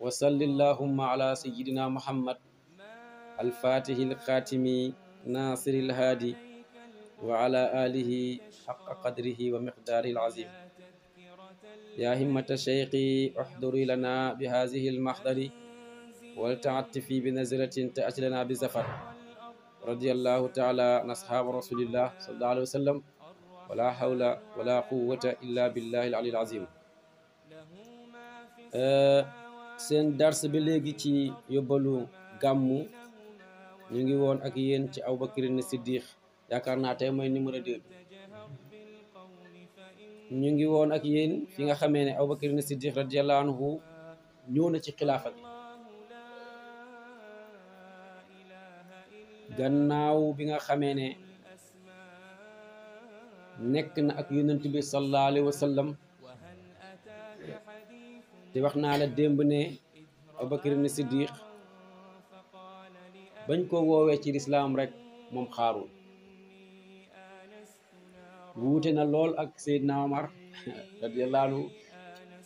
وصلى اللهم على سيدنا محمد الفاتح الخاتم ناصر الهادي وعلى آله حق قدره ومقداره العظيم يا همة الشيخ احضري لنا بهذه المحضر ولتعتفي بنزلة تأتي لنا بزفر رضي الله تعالى عن أصحاب رسول الله صلى الله عليه وسلم ولا حول ولا قوة إلا بالله العلي العظيم أه sen darse be leegi ci yobbalu gammu ñu ngi woon ak yéen ci aboubacry ne siddiq yaakaar naa tey mooy numéro deux bi ñu ngi woon ak yéen fi nga xamee ne aboubacry ne siddiq radiallahu anhu ñëw na ci xilaafa gi gannaaw bi nga xamee ne nekk na ak yonente bi sallallahu alayhi wa sallam te wax naa la démb ne Abubakar ni Siddiq bañ ko woowee ci lislaam rek moom xaarul wuute na lool ak Seydina Omar radiyallahu anhu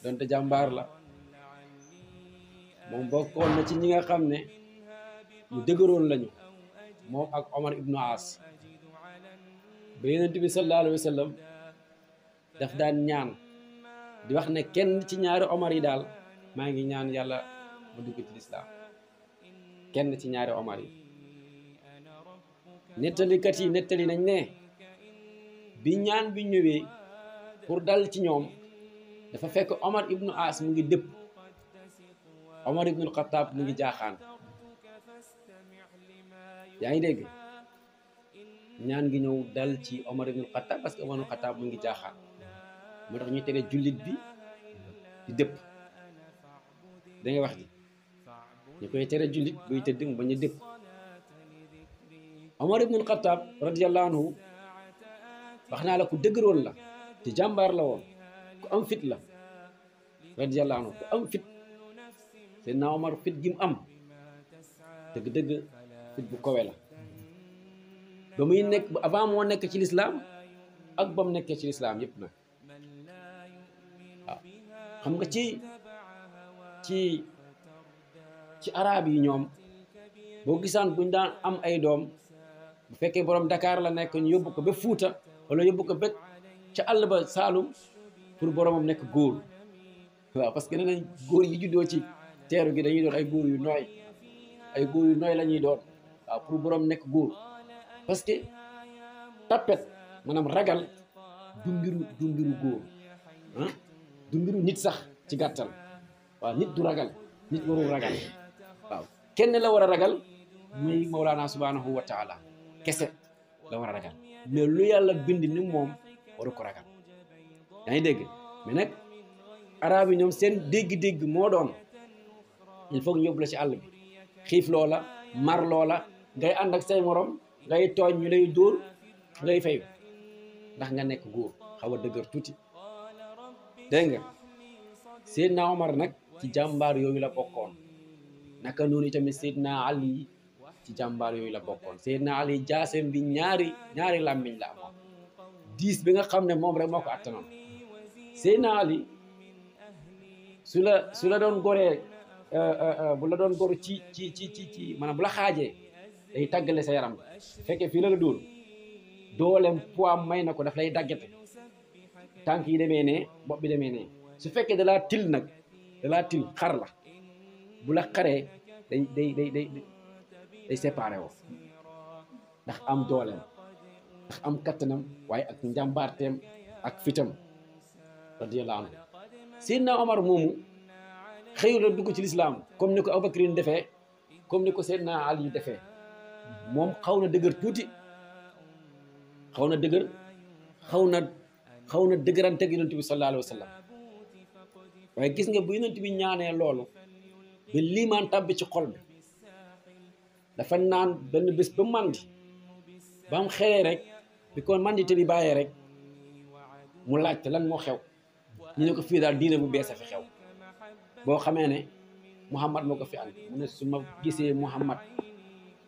donte jàmbaar la moom bokkoon na ci ñi nga xam ne ñu dëgëroon lañu moom ak Omar ibnu As ba Yonent bi sallallahu alayhi wa daan ñaan di wax ne kenn ci ñaari omar yi daal maa ngi ñaan yàlla mu dugg ci lislaam kenn ci ñaari omar yi nettalikat yi nettali nañ ne bi ñaan bi ñëwee pour dal ci ñoom dafa fekk omar ibnu as mu ngi dëpp omar ibnu xataab mu ngi jaaxaan yaa ngi dégg ñaan gi ñëw dal ci omar ibnu xataab parce que omar ibnu xataab mu ngi jaaxaan moo tax ñu tere jullit bi dëpp da wax ji ñu koy tere jullit buy tëdd mu bañ a dëpp Omar ibnul Xattaab radiyallahu anhu wax naa la ku dëgëroon la te jàmbaar la woon ku am fit la radiyallahu anhu ku am fit te naa Omar fit gi mu am dëgg-dëgg fit bu kowe la ba muy nekk avant moo nekk ci lislaam ak ba mu nekkee ci lislaam yëpp nag xam nga ci ci ci arab yi ñoom boo gisaan buñ daan am ay doom bu fekkee borom Dakar la nekk ñu yóbbu ko ba Fuuta wala yóbbu ko ba ca àll ba Saalum pour boromam nekk góor waaw parce que nee nañ góor yi juddoo ci teeru gi dañuy doon ay góor yu nooy ay góor yu nooy lañuy ñuy doon waaw pour boroom nekk góor parce que tappet maanaam ragal du mbiru góor du mbiru nit sax ci gàttal waaw nit du ragal nit warul ragal waaw kenn la war a ragal muy Mawlaana subhaanahu wa kese la war a ragal mais lu yàlla bind ni moom waru ko ragal yaa ngi dégg mais nag arab yi ñoom seen dégg-dégg moo doon il faut ñu yóbbu ci àll bi xiif loola mar loola ngay ànd ak say morom ngay tooñ ñu lay dóor ngay fayu ndax nga nekk góor xaw a dëgër tuuti dégg nga Seydina nag ci jàmbaar yooyu la bokkoon naka noonu tamit Seydina Ali ci jàmbaar yooyu la bokkoon Seydina Ali jaaseem bi ñaari ñaari làmmiñ la amoon diis bi nga xam ne moom rek moo ko attanoon Seydina Ali su la su la doon goree euh, euh, euh, bu la doon goru ci ci ci ci maanaam bu la xaajee day tàggale sa yaram fekkee fii la la dóor dooleem poids may na ko daf lay daggate tànk yi demee ne bopp bi demee ne su fekkee da laa til nag da laa til xar la bu la xaree day day day day day séparé woo ndax am dooleem ndax am kattanam waaye ak njàmbaarteem ak fitam radiyallahu anhu Seydina Omar moomu xëyu la ci lislaam comme ni ko Abubakrin defee comme ni ko Seydina Ali defee moom xaw na dëgër tuuti xaw na dëgër xaw na xaw na dëgëranteeg yonent bi sallallahu alayhi wa waaye gis nga bu yonent bi ñaanee loolu ba liimaan tàbbi ci xol bi dafa naan benn bés ba màndi ba am rek bi ko màndite bi bàyyee rek mu laajte lan moo xew ñu ne ko fii daal diine bu bees a fi xew boo xamee ne Muhammad ma ko fi ànd mu ne su ma gisee Muhammad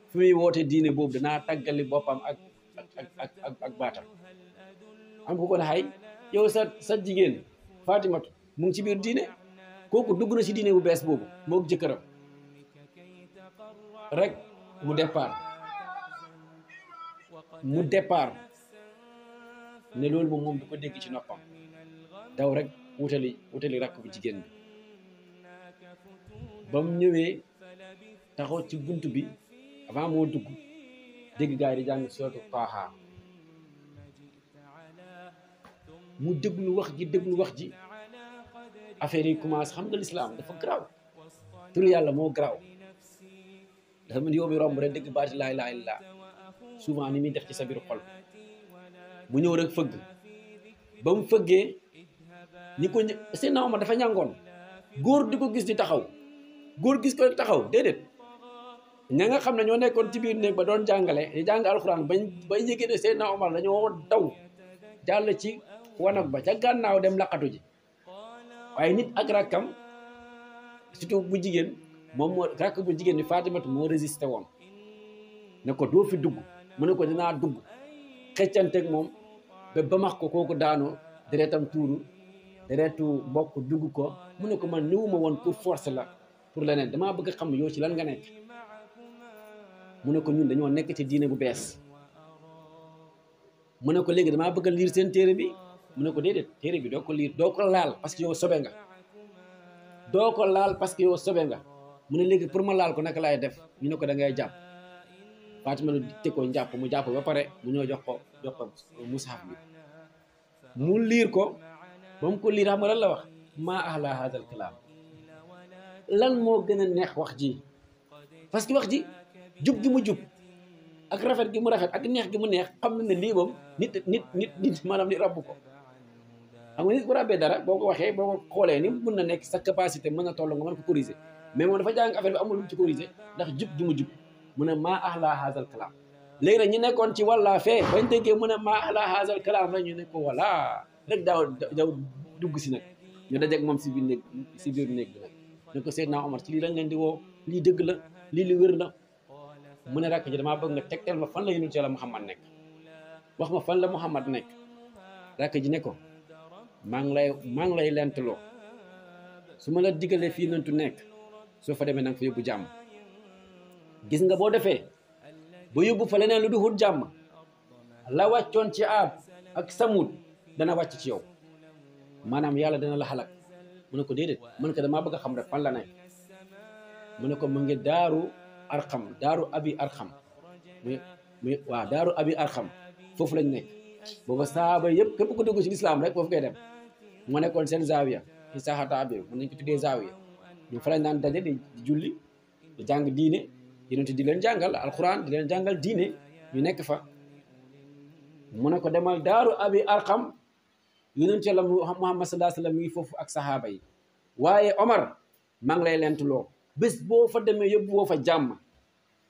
fi muy woote diine boobu danaa tàggali boppam ak ak ak ak ak baatam am ku ko ne xay yow sa jigéen Fatimatu mu ngi ci biir diine kooku dugg na ci diine bu bees boobu moo jëkkëram rek mu départ mu départ ne loolu moom moom du ko dégg ci noppam daw rek wutali wutali rakk bu jigéen bi ba ñëwee taxaw ci bunt bi avant moo dugg dégg gaa yi di jàng suratu Taaha mu déglu wax ji déglu wax ji affaire yi commence xam nga l'islam dafa graw tur yàlla moo graw dafa mel yow mi romb rek dégg baati laa ilaa illaa souvent ni muy def ci sa biir xol mu ñëw rek fëgg ba mu fëggee ni ko si naaw ma dafa ñàngoon góor di ko gis di taxaw góor gis ko taxaw déedéet ña nga xam ne ñoo nekkoon ci biir néeg ba doon jàngale di jàng alxuraan bañ bañ yëgee ne Seydina Omar dañoo daw jàll ci wanag ba ca gànnaaw dem laqatu ji waaye nit ak rakkam surtout bu jigéen moom moo rakk bu jigéen ni Fatimatu moo résisté woon ne ko doo fi dugg mu ne ko dinaa dugg xëccanteeg moom ba bamax ko kooku daanoo deretam tuuru deretu mbokk dugg ko mu ne ko man niwuma woon pour force la pour leneen damaa bëgg xam yow ci lan nga nekk mu ne ko ñun dañoo nekk ci diine bu bees mu ne ko léegi damaa bëgg a liir seen téere bi mu ne ko déedéet téere bi doo ko liir doo ko laal parce que yow sobe nga doo ko laal parce que yow sobe nga mu ne léegi pour ma laal ko naka laay def mu ne ko da ngay jàpp Fatima lu teg ko njàpp mu jàpp ba pare mu ñëw jox ko jox mu liir ko ba mu ko liir la wax maa lan moo gën neex wax ji parce que wax ji jub gi mu jub ak rafet gi mu rafet ak neex gi mu neex xam na ne lii nit nit nit nit maanaam ko xam nga nit bu ràbbee dara boo ko waxee boo ko xoolee ni mun na nekk sa capacité mën na toll nga mën ko mais moom dafa jàng affaire bi amul lu ci ndax jub gi mu mu ne maa ahla haazal kalaam léegi nag ñu nekkoon ci walla fee bañ déggee mu ne maa ahla haazal kalaam rek ñu ne ko walla rek daaw daaw dugg si nag ñu dajeeg moom si biir néeg si biir néeg bi nag ne ko Seydina ci lii lañ leen di woo lii dëgg lii li wér la mu ne rakk ji damaa bëgg nga tegtal ma fan la yonent Yàlla Muhammad nekk wax ma fan la Muhammad nekk rakk ji ne ko maa ngi lay maa ngi lay lentloo su ma la diggalee fii nantu nekk soo fa demee nanga fa yóbbu jàmm gis nga boo defee ba yóbbu fa leneen lu du hut jàmm la wàccoon ci aab ak samut dana wàcc ci yow maanaam yàlla dana la xalak mu ne ko déedéet mën ko damaa bëgg a xam rek fan la nekk mu ne ko mu ngi daaru arxam daaru abi arxam muy mu waa daaru abi arxam foofu lañ nekk booba saaba yëpp képp ku dugg ci lislaam rek foofu koy dem mo nekkoon seen zawiya ci saxataa bi mën nañ ko tuddee zawiya ñu fa lañ daan daje di julli di jàng diine yonente di leen jàngal alquran di leen jàngal diine ñu nekk fa mu ne ko demal daaru abi arqam yonente la muhammad Sallallahu sallam Wasallam ngi foofu ak sahaaba yi waaye omar ma ngi lay lentuloo bés boo fa demee yóbbu woo fa jàmm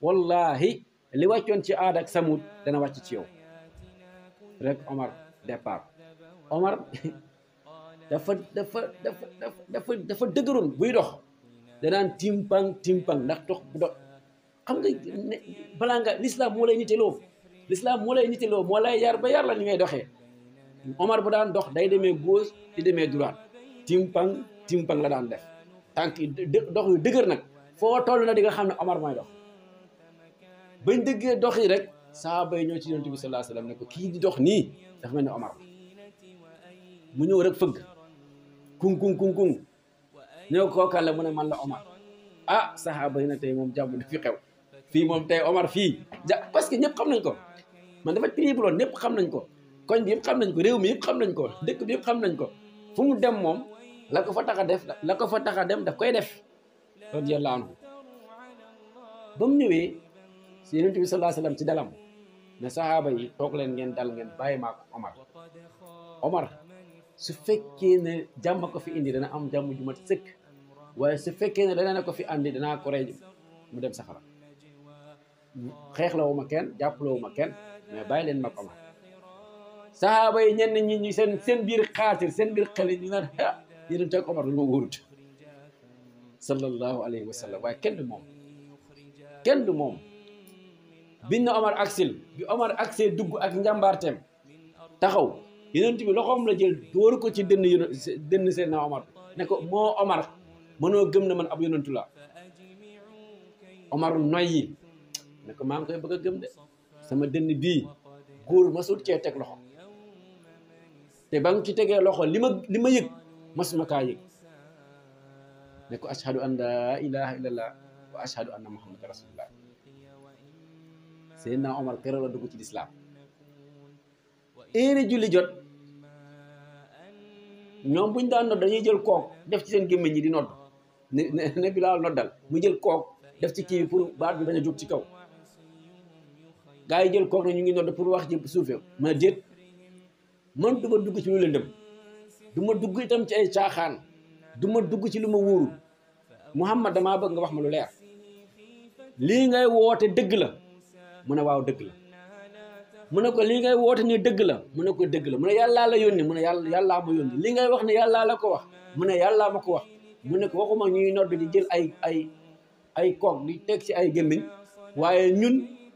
wallahi li wàccoon ci aad ak samud dana wàcc ci yow rek omar départ omar dafa dafa dafa dafa dafa dëgëroon buy dox danaan timpang timpang ndax dox bu dox xam nga balaa nga l'islam moo lay niteloo l'islam moo lay niteloo moo lay yar ba yar la may ngay doxee Omar bu daan dox day demee gauche di demee droite timpang timpang la daan def tànk dox yu dëgër nag foo toll na di nga xam ne Omar mooy dox bañ dëggee dox yi rek saaba yi ñoo ci yonent bi sallallahu alayhi ne ko kii di dox nii dafa mel ni Omar mu ñëw rek fëgg kung kung kung kung ñëw kooka la mu ne man la Omar ah saxaaba yi na tey moom jàmm fi xew fii moom tey Omar fii ja parce que ñëpp xam nañ ko man dafa tribu loon ñëpp xam nañ ko koñ bi yëpp xam nañ ko réew mi yëpp xam nañ ko dëkk bi yëpp xam nañ ko fu mu dem moom la ko fa tax a def la ko fa tax a dem daf koy def radiyallahu anhu ba mu ñëwee si yonent bi sallallahu alayhi wasallam ci dalam ne saxaaba yi toog leen ngeen dal ngeen bàyyi maa ko Omar Omar su fekkee ne jàmm ko fi indi dana am jàmm ju mat sëkk waaye su fekkee ne dana ko fi andi danaa ko mu dem safara xeexlawu ma kenn jàppalawu ma kenn mais bàyyi leen ma ko ma saxaaba yi ñenn ñi ñu seen biir xaatir seen biir xel ñu naan ah yéen teg Omar lu ma wóorut sallallahu alayhi wa sallam waaye kenn du moom kenn du moom biñ na Omar aksil bi Omar aksil dugg ak njàmbaarteem taxaw yonent bi loxoom la jël dóor ko ci dënn yonent dënn Seydina Omar ne ko moo Omar mënoo gëm na man ab yonentu la Omar noyyi ne ko maa ngi koy bëgg a gëm de sama dënn bii góor masul cee teg loxo te ba nga ci tegee loxo li ma li ma yëg masuma kaa yëg ne ko ashhadu an laa ilaha illallah wa ashhadu anna muhammadan rasulullah Seydina Omar keroog la dugg ci lislaam éeri julli jot ñoom bu ñu daan nodd dañuy jël kook def ci seen gémmiñ ñi di nodd ne Bilaal noddal mu jël kook def ci kii pour baat bi bañ a jóg ci kaw gaa yi jël kook na ñu ngi nodd pour wax ci suufee ma déet man du ma dugg ci lu lëndëm du ma dugg itam ci ay caaxaan du ma dugg ci lu ma wóorul Muhammad damaa bëgg nga wax ma lu leer lii ngay woote dëgg la mu ne waaw dëgg la mu ne ko li ngay woote ni dëgg la mu ne ko dëgg la mu ne yàllaa la yónni mu ne yàlla yàllaa ma yónni li ngay wax ni yàllaa la ko wax mu ne yàllaa ma ko wax mu ne ko waxuma ñuy nodd di jël ay ay ay koog di teg ci ay gémmiñ waaye ñun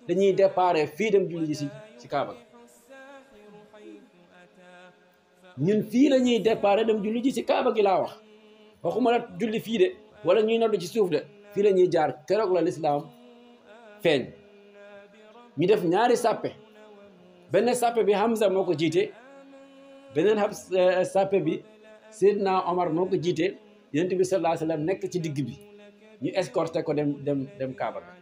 dañuy déparé fii dem julli ji si si Kaaba fii la ñuy déparé julli ji si Kaaba gi laa wax waxuma la julli fii de wala ñuy nodd ci suuf de fii la jaar keroog la lislaam feeñ ñu def ñaari sàppe benn sàppe bi Hamza moo ko jiite beneen xam eh, sàppe bi Seydina Omar moo ko jiite yonent bi sallallahu alayhi nekk ci digg bi ñu escorté ko dem dem dem Kaaba ga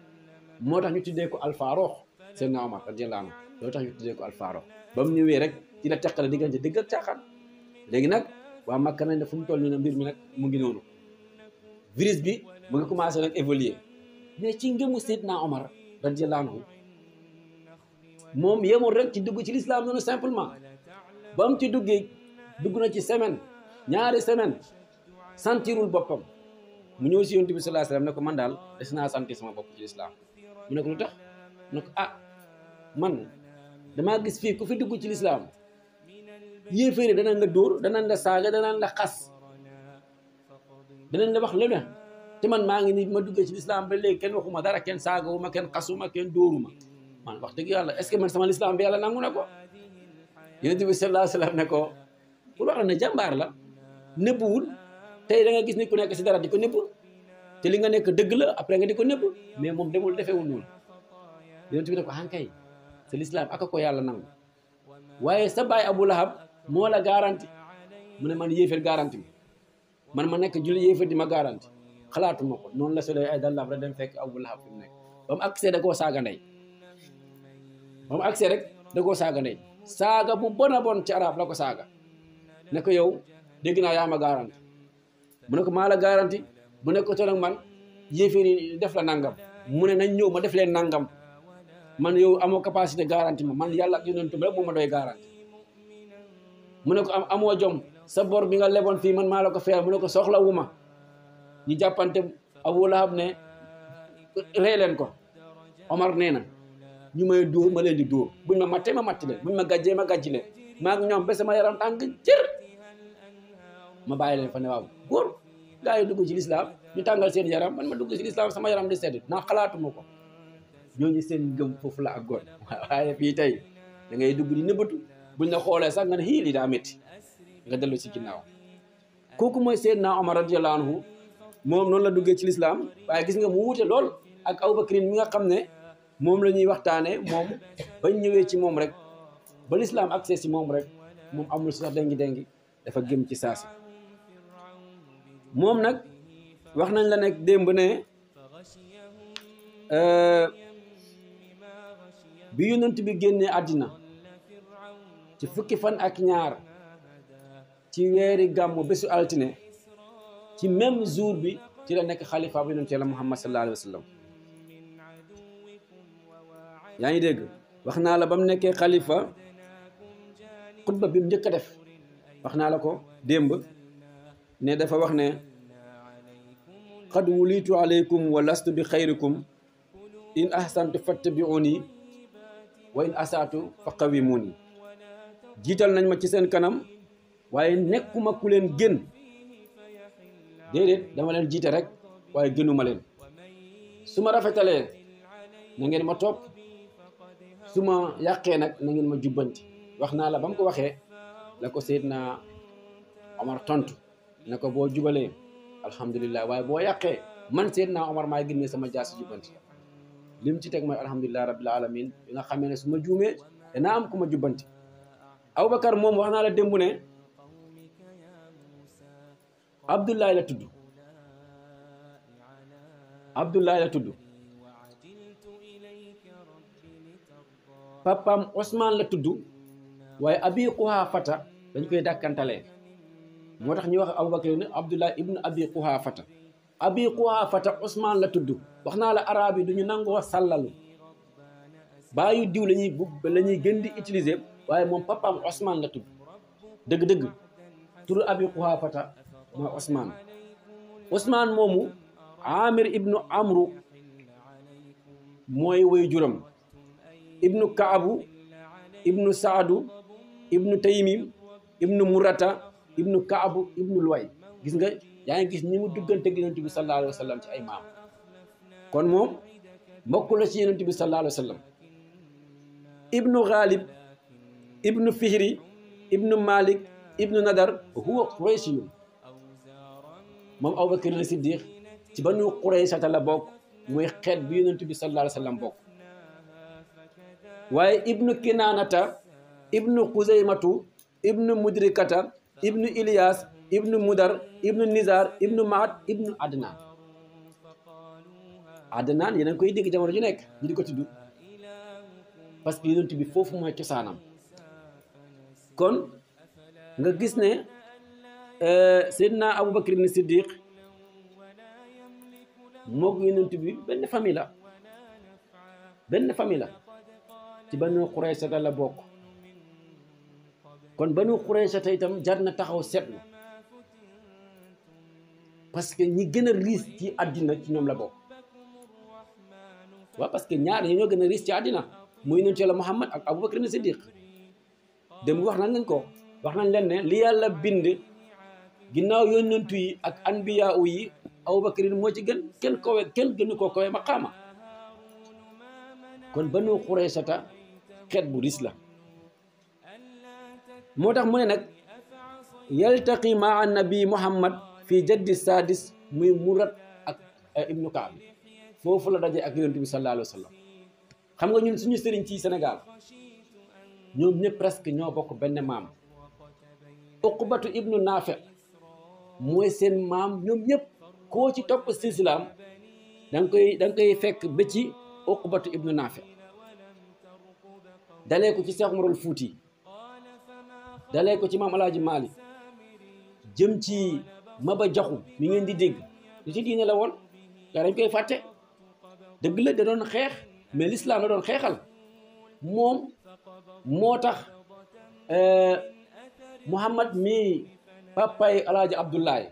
moo tax ñu tuddee ko Alfaaroox Seydina Omar radiyallahu anhu loolu tax ñu tuddee ko Alfaaroox ba mu ñëwee rek ci la teqale diggante dëgg ak léegi nag waa Makka nañ ne fu mu toll nii nag mbir mi nag mu ngi noonu virus bi mu ngi commencé nag évoluer mais ci ngëmu Seydina Omar radiyallahu anhu moom yemul rek ci dugg ci lislaam noonu simplement ba mu ci duggee dugg na ci semaine ñaari semaine sentirul boppam mu ñëw si yonent bi sallallahu alayhi wasallam ne ko man daal des naa sentir sama bopp ci lislaam mu ne ko lu tax mu ah, man damaa gis fii ku fi dugg ci lislaam yéeféere dana la dóor danañ la saaga danañ la xas danañ la wax lu te man maa ngi nii ma duggee ci lislaam ba léegi kenn waxuma dara kenn saagawuma kenn xasuma kenn dóoruma man wax dëgg yàlla est-ce que man sama lislaam bi yàlla nangu na ko yonent bi sallallahu alayhi wa ne ko pour wax la ne jàmbaar la nëbbuwul tey da gis ne ku nekk si dara di ko nëbb te li nga nekk dëgg la après nga di ko nëbb mais moom demul defeewul noonu yonent bi ne ko hankay ah sa lislaam aka ko yàlla nangu waaye sa baay Abu Lahab moo la garanti mu ne man yéeféer garanti bi man ma nekk julli di ma garanti xalaatuma ko noonu la solee ay dàllam rek dem fekk Abu Lahab fi nekk ba mu accès koo saaga ba mu agsee rek da koo saaga ndey saaga bu bon a bon ci arab la ko saaga ne ko yow dégg naa yaa ma garanti mu ne ko maa la garanti bu nekkoon ak man yéeféeri def la nangam mu ne nañ ñëw ma def leen nangam man yow amoo capacité garanti ma man yàlla ak yonent bi rek moo ma doy garanti mu ne ko am amoo jom sa bor bi nga leboon fii man maa la ko feyal mu ne ko soxla wu ma ñu jàppante Abu ne rey leen ko Omar nee na ñu may dóor ma leen di dóor buñ ma mattee ma matti leen buñ ma gàjjee ma gàjji leen maa ñoom ba sama yaram tàng jër ma bàyyi leen fa ne waaw góor gars yi dugg ci lislaam ñu tàngal seen yaram man ma dugg ci lislaam sama yaram di sedd naa xalaatuma ko ñooñu seen gëm foofu la ak goon waaye fii tey da ngay dugg di nëbbatu buñ la xoolee sax nga ne xii daa métti nga dellu si ginnaaw kooku mooy Seydina Omar radiyallahu moom noonu la duggee ci lislaam waaye gis nga mu wute lool ak Abubakar mi nga xam ne moom la ñuy waxtaanee moom bañ ñëwee ci moom rek ba lislaam accès si moom rek moom amul sax dengi-dengi dafa gëm ci saasi moom nag wax nañ la nekk démb ne euh, bi yonent bi génnee àddina ci fukki fan ak ñaar ci weeri gàmmu bésu altine ci même jour bi ci la nekk xalifa bi yonent yàlla Muhammad sallallahu alayhi yaa ngi dégg wax naa la ba mu nekkee xalifa xutba bi mu njëkk a def wax naa la ko démb ne dafa wax ne qad wulitu alaykum wa lastu bi xayrikum in ahsantu fattabiuni wa in asaatu fa qawimuni jiital nañ ma ci seen kanam waaye nekkuma ku leen gën déedéet dama leen jiite rek waaye gënuma leen su ma rafetalee na ma topp su ma yàqee nag na ngeen ma jubbanti wax naa la ba mu ko waxee la ko Seydina Omar tontu na ko boo jubalee alhamdulilah waaye boo yàqee man Seydina Omar maay génnee sama jaas jubbanti lim ci teg mooy alhamdulilah rabbil alamin bi nga xamee ne su ma juumee danaa am ku ma jubbanti Aboubacar moom wax naa la démb ne Abdoulaye la tudd Abdoulaye la tudd papaam osmaan la tudd waaye abi Quhaafata dañ koy dàkkantalee moo tax ñuy wax Abubakar ne Abdullah ibn abi Quhaafata abi Quhaafata Ousmane la tudd wax naa la araab yi du nangoo sàllalu baayu diw la ñuy la ñuy gën di utiliser waaye moom papaam osmaan la tudd dëgg-dëgg turu abi Quhaafata mooy Ousmane Ousmane moomu Amir ibnu Amru mooy woy juram ibnu kaabu ibnu saadu ibnu taymim ibnu murata ibnu kaabu ibnu luway gis nga yaa ngi gis ni mu duggante gi yonent bi sallallahu alayhi wa sallam ci ay maam kon moom mbokk la ci yonent bi sallallahu alayhi wa sallam ibnu xaalib ibnu fihri ibnu malik ibnu nadar huwa qurayshiyun moom abubakar siddiq ci banu qurayshata la bokk mooy xeet bi yonent bi sallallahu alayhi wa sallam bokk waaye ibnu kinaanata ibnu xuzaymatu ibnu mudrikata ibnu ilyas ibnu mudar ibnu nizar ibnu maat ibnu adnan adnan yéen a koy dégg jamono ju nekk ñu di ko tudd parce que yonent bi foofu mooy cosaanam kon nga gis ne euh, seydna aboubacar ibn siddiq moog yonent bi benn famille benn famille ci banu xuraysata la bokk kon banu xuraysata itam jar na taxaw seetlu parce que ñi gën a riis ci àddina ci ñoom la bokk waaw que ñaar yi ñoo gën a riis ci àddina muy nunti yàlla Muhammad ak Abubakar na dem wax nañ leen ko wax nañ leen ne li yàlla bind ginnaaw yonent yi ak anbiya yi Abubakar moo ci gën kenn kowe kenn gënu koo kowe maqaama kon banu xuraysata xeet bu ris la moo tax mu ne nag yaltaqi maa nabi muhammad fi jaddi sadis muy murat ak eh, ibnu kaab foofu la daje ak yonent bi sallallahu alayhi xam nga ñun suñu sëriñ ci Sénégal ñoom ñëpp presque ñoo bokk benn maam uqbatu ibnu naafi mooy seen maam ñoom ñëpp koo ci topp silsilaam da nga koy da koy fekk ba ci uqbatu ibnu naafi dalee ko ci Cheikh Umarul Fuuti dalee ko ci maam Alaaji Maalik jëm ci Maba Jaxu mi ngeen di dégg li ci diine la woon gaa dañ koy fàtte dëgg la da doon xeex mais l'islam la doon xeexal moom moo tax euh, Muhammad mi papay Alaaji Abdoulaye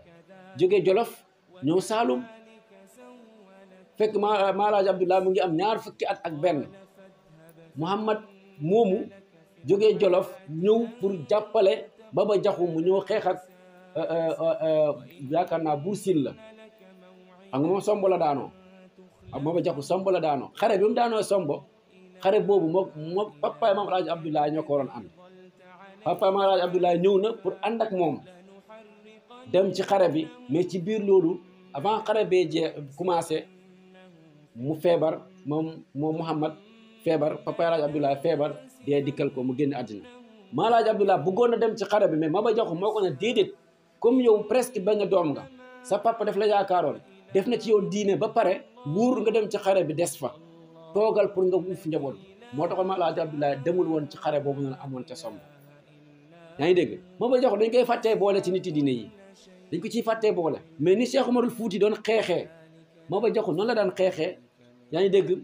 jóge Jolof ñëw Saalum fekk ma Alaaji Abdoulaye mu ngi am ñaar fukki at ak benn Muhammad moomu jógee Jolof ñëw pour jàppale Baba Jaxu mu ñëw xeex ak euh, euh, euh, yaakaar naa Buur Siin la xam nga moom sombo la daanoo ak ba Jaxu sombo la daano xare bi mu daanoo sombo xare boobu moo moo papaay Maam Alaaji Abdoulaye ñëw na pour ànd ak moom dem ci xare bi mais ci biir loolu avant xare be jee commencé mu feebar moom moom Muhammad feebar papa El Hadj Abdoulaye feebar dikkal ko mu génn àddina maa El Hadj Abdoulaye bëggoon na dem ci xare bi mais ba Jaxu moo ko ne déedéet comme yow presque benn doom nga sa papa def la yaakaaroon def na ci yow diine ba pare wuur nga dem ci xare bi des fa toogal pour nga wuuf njaboot moo taxoon maa El Hadj Abdoulaye demul woon ci xare boobu noonu amoon ca somb yaa ngi dégg Maba jox dañ koy fàttee boole ci nit yi diine yi dañ ko ciy fàttee boole mais ni Cheikh Umarul Fuuti doon xeexee Maba Jaxu noonu la daan xeexee yaa ngi dégg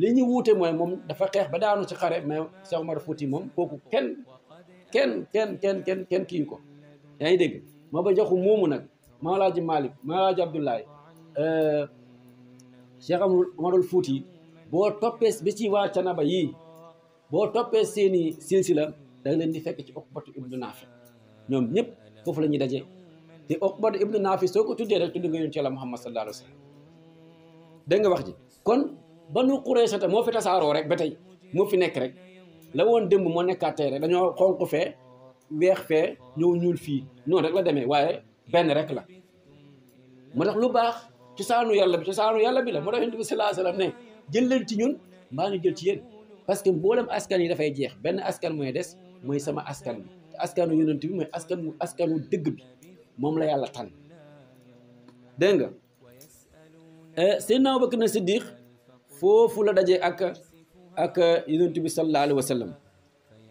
li ñu wuute mooy moom dafa xeex ba daanu ci xare mais Cheikh Omar fuuti moom kooku kenn kenn kenn kenn kenn kenn kii ko yaa ngi dégg ma ba joxu moomu nag Maalaaji Malick Maalaaji Abdoulaye euh, Cheikh Omarul fuuti boo toppee bi ci waa Canaba yii boo toppee seeni silsila da nga leen di fekk ci Okbatu ibnu Naafi ñoom ñëpp foofu la ñuy daje te Okbatu ibnu Naafi soo ko tuddee rek tudd nga yoon ci Yàlla Muhammad sallallahu alayhi wa nga wax ji kon banu Quraysata moo fi tasaaroo rek ba tey moo fi nekk rek la woon démb moo nekkaat tey rek dañoo xonq fee weex fee ñëw ñuul fii noonu rek la demee waaye benn rek la moo tax lu baax ci saanu yàlla bi ci yàlla bi la moo tax yonent bi ne jël leen ci ñun mbaa ñu jël ci yéen parce que mboolem askan yi dafay jeex benn askan mooy des mooy sama askan bi te askanu yonent bi mooy askanu askanu dëgg bi moom la yàlla tànn dégg nga eh, Seydina Abubakar Siddiq foofu la daje ak ak yonent bi sallallahu alayhi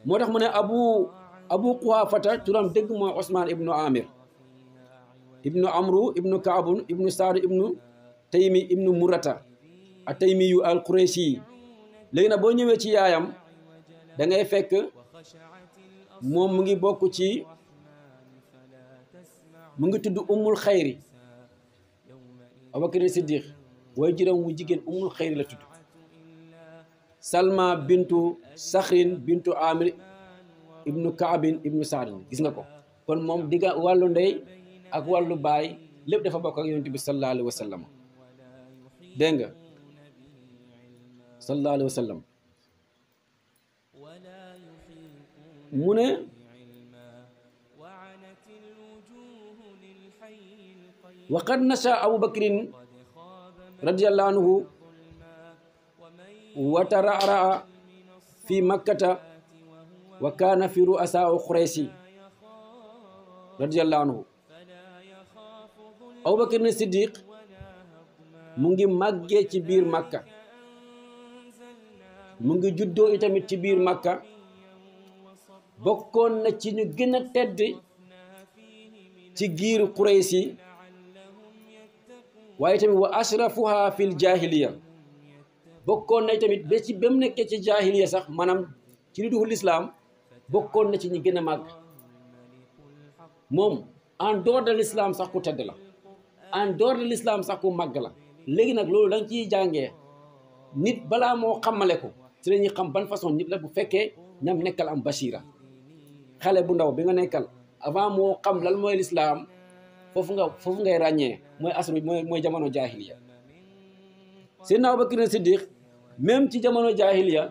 moo tax mu ne abu abu quhaafata turam dëgg mooy osman ibnu amir ibnu amru ibnu kaabun ibnu saadu ibnu taymi ibnu murata a taymi yu al qurayshi léegi nag boo ñëwee ci yaayam da fekk moom mu ngi bokk ci mu ngi tudd ummul xayri waaye juróom wu jigéen umul xayri la tudd salma bintu saxrin bintu amir ibnu kaabin ibnu saadin gis nga ko kon moom digga wàllu ndey ak wàllu baay lépp dafa bokk ak yonent bi sallallahu alayhi wa sallam dégg nga sallallahu alayhi wa sallam mu ne waqad nasha abubakrin radiyallahu anhu wa fi makkata wa kaana fi ru'asaa xuraysi radiyallahu anhu siddiq mu ngi màggee ci biir makka mu ngi juddoo itamit ci biir makka bokkoon na ci ñu gën tedd ci giiru xuraysi waaye tamit wa ashrafuha fil jahiliya bokkoon na tamit ba ci ba mu nekkee ci jahiliya sax maanaam ci li duxul lislaam bokkoon na ci ñi gën a màgg moom en dehors de lislaam sax ku tedd la en dehors de lislaam sax ku màgg la léegi nag loolu da nga ciy jàngee nit balaa moo xamale ko ci la ñuy xam ban façon nit la bu fekkee ñam nekkal am basira xale bu ndaw bi nga nekkal avant moo xam lan mooy lislaam foofu nga foofu ngay ràññee mooy asru mooy mooy jamono jaahiliya Seydina Abubakar Siddiq même ci jamono jaahiliya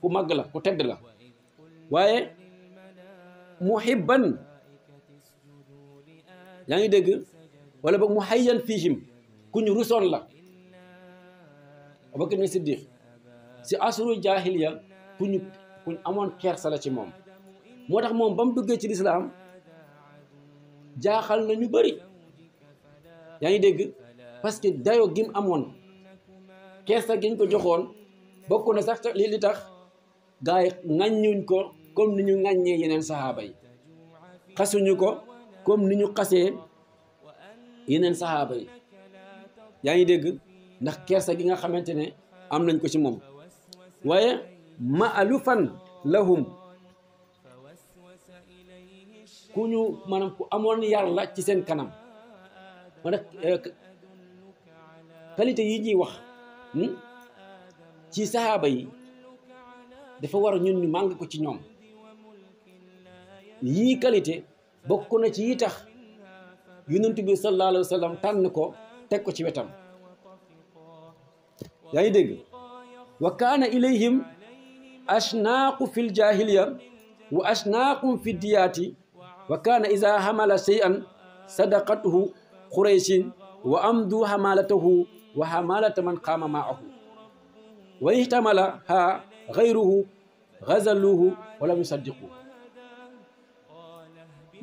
ku màgg la ku tedd la waaye muhibban yaa ngi dégg wala boog mu xayyan fihim ku ñu rusoon la Abubakar Siddiq si asru jaahiliya ku ñu ku ñu amoon kersa la ci moom moo tax moom ba mu duggee ci lislaam jaaxal na ñu bëri yaa ngi dégg parce que dayo gim amoon kersa giñ ko joxoon bokk na sax li li tax gars yi ŋàññuñ ko comme ni ñu ŋàññee yeneen saxaaba yi xasuñu ko comme ni ñu xasee yeneen saxaaba yi yaa ngi dégg ndax kersa gi nga xamante ne am nañ ko ci moom waaye ma fan lahum ku ñu maanaam ku amoon yàlla ci seen kanam ma euh, yi ñuy wax hmm, ci saxaaba yi dafa war ñun ñu màng ko ci ñoom yii qualité bokk na ci yi tax yonent bi sallallahu alayhi tànn ko teg ko ci wetam yaa dégg wa kaana ilayhim ashnaaqu fil jaahiliya wa ashnaaqum fi wa kaana iza hamala shay'an sadaqatuhu qurayshin wa amdu hamalatahu wa hamalata man qaama maahu wa ihtamala ha gayruhu gazaluhu wala musaddiqu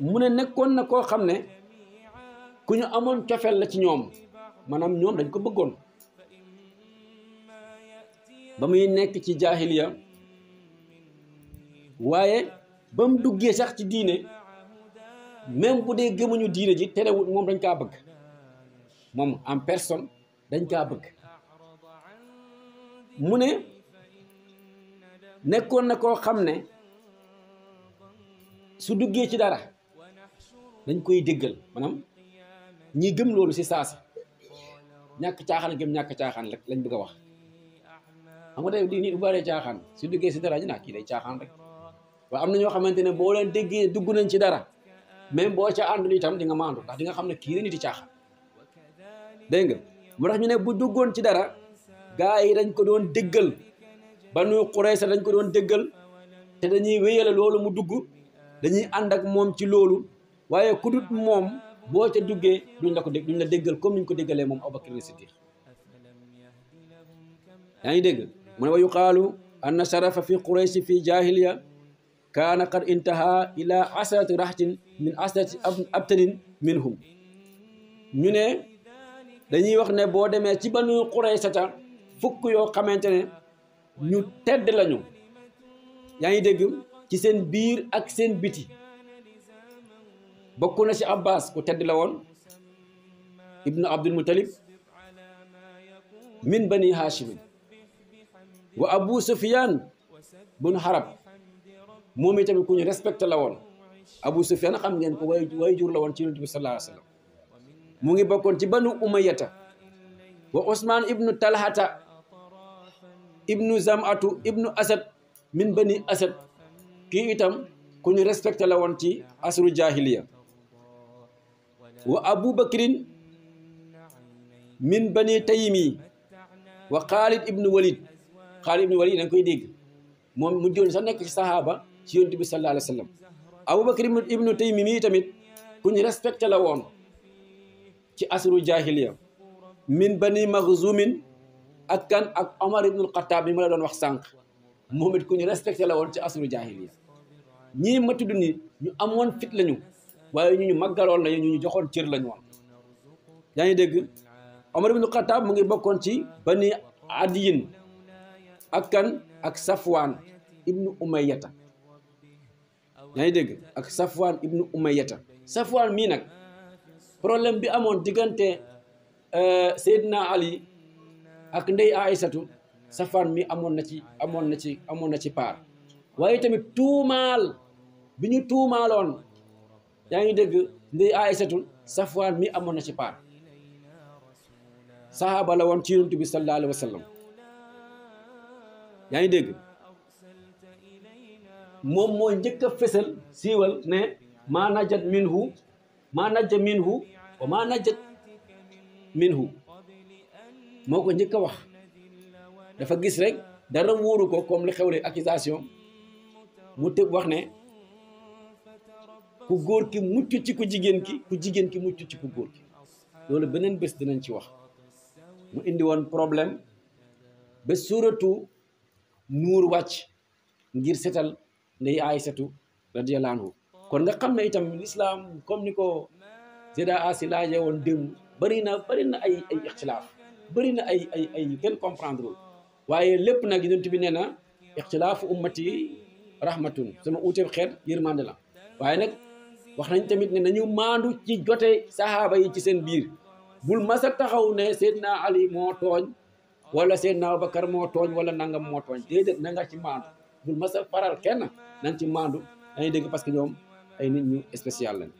mu ne nekkoon na koo xam ne ku ñu amoon cofeel la ci ñoom maanaam ñoom dañ ko bëggoon ba muy nekk ci jaahiliya waaye ba mu duggee sax ci diine même bu dee gëmuñu diine ji terewul moom dañ kaa bëgg moom en personne dañ kaa bëgg mu ne nekkoon na koo xam ne su duggee ci dara dañ koy déggal maanaam ñi gëm loolu si saasi ñàkk caaxaan gëm ñàkk caaxaan rek lañ bëgg a wax xam nga day nit bu bëree caaxaan su duggee si dara ñu naa kii lay caaxaan rek waaye am na ñoo xamante ne boo leen déggee dugg nañ ci dara même ci and àndul tam di nga mandu ndax di nga xamne ki ni di tiaxa dégg nga mu tax ñu ne bu duggon ci dara gaay yi dañ ko doon deggal banu Quraysh dañ ko doon deggal te dañuy wéyale lolu mu dugg dañuy and ak mom ci lolu waye ku dut moom ca duggé duñ la ko deg duñ la deggal comme niñ ko Siddiq yaay mo ne sharafa fi Quraysh fi jahiliya kana qad intaha ila asarati rahtin min asdati abtanin minhum ñu ne dañuy wax ne boo demee ci banu Quraysata fukk yoo xamante ne ñu tedd lañu yaa ngi dégg ci seen biir ak seen biti bokk na ci Abbas ku tedd la woon ibnu Abdul Muttalib min bani Haashimin wa Abu Sufyaan bun Harab moom itamit ku ñu respecté la woon Abu Sufyan xam ngeen ko way wayjur la woon ci yonent bi sallallahu alayhi wa sallam mu ngi bokkoon ci banu umayata wa Ousmane ibnu talhata ibnu zamatu ibnu asad min bani asad kii itam ku ñu respecté la woon ci asru jahiliya wa abu bakrin min bani taymi wa xaalid ibnu walid xaalid ibnu walid da nga koy dégg moom mu joon sax nekk ci sahaaba ci yonent bi sallallahu alayhi wa sallam Abubakar ibnu Taymi mii tamit ku ñu respecté la woon ci asru jahiliya min bani Maxzumin ak kan ak Omar ibnul Xataab mi ma la doon wax sànq moom ku ñu respecté la woon ci asru jahiliya ñii ma tudd ni ñu amoon fit lañu waaye ñu ñu màggaloon la ñu ñu joxoon cër lañu woon yaa ngi dégg Omar ibnul Xataab mu ngi bokkoon ci bani Adiyin ak kan ak Safwaan ibnu Umayyata yaa dégg ak Safwaan ibnu Umayyata Safwaan mii nag problème bi amoon diggante euh, na Ali ak ndey Aysatu Safwaan mii amoon na ci amoon na ci amoon na ci paar waaye tamit tuumaal bi ñu tuumaaloon yaa ngi dégg ndey Aysatu Safwaan mii amoon na ci paar sahaaba woon ci Yonent bi sallallahu yaa ngi dégg moom moo njëkk a fésal siiwal ne maa najat minhu maa najja minhu moo ko njëkk a wax dafa gis rek dara wóoru ko comme li accusation mu tëb wax ne ku góor ki mucc ci ku jigéen ki ku jigéen ki mucc ci ku góor ki loolu beneen bés dinañ ci wax mu indi woon problème ba suratu nuur wàcc ngir setal ndey aysatu radiyallahu anhu kon nga xam na itam lislaam comme ni ko Zeda Asi laajee woon démb bëri na bëri na ay ay ixtilaaf bëri na ay ay ay kenn comprendre waaye lépp nag yonent bi nee na ixtilaafu ummati rahmatun sama uuteeb xeet yërmande la waaye nag wax nañ tamit ne nañu maandu ci jote sahaaba yi ci seen biir bul masa taxaw ne Seydina Ali moo tooñ wala Seydina Abubakar moo tooñ wala nangam moo tooñ déedéet na nga ci maandu bul faral kenn nañ ci maandu dañuy dégg parce que ñoom ay nit ñu spécial lañ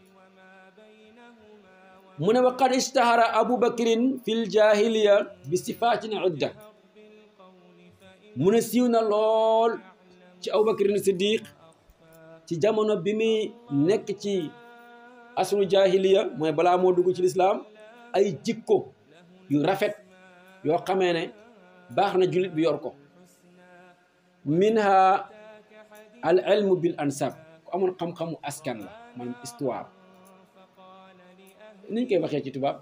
mu ne wa qad ishtahara abu bakrin fil jahiliya bi sifaatin udda mu ne siiw na lool ci abu bakrin siddiq ci jamono bi muy nekk ci asru jahiliya mooy balaa moo dugg ci lislaam ay jikko yu rafet yoo xamee ne baax na jullit bi yor ko minha al ilmu bil ansab ku amoon xam-xamu askan la maanaam histoire niñ koy waxee ci tubaab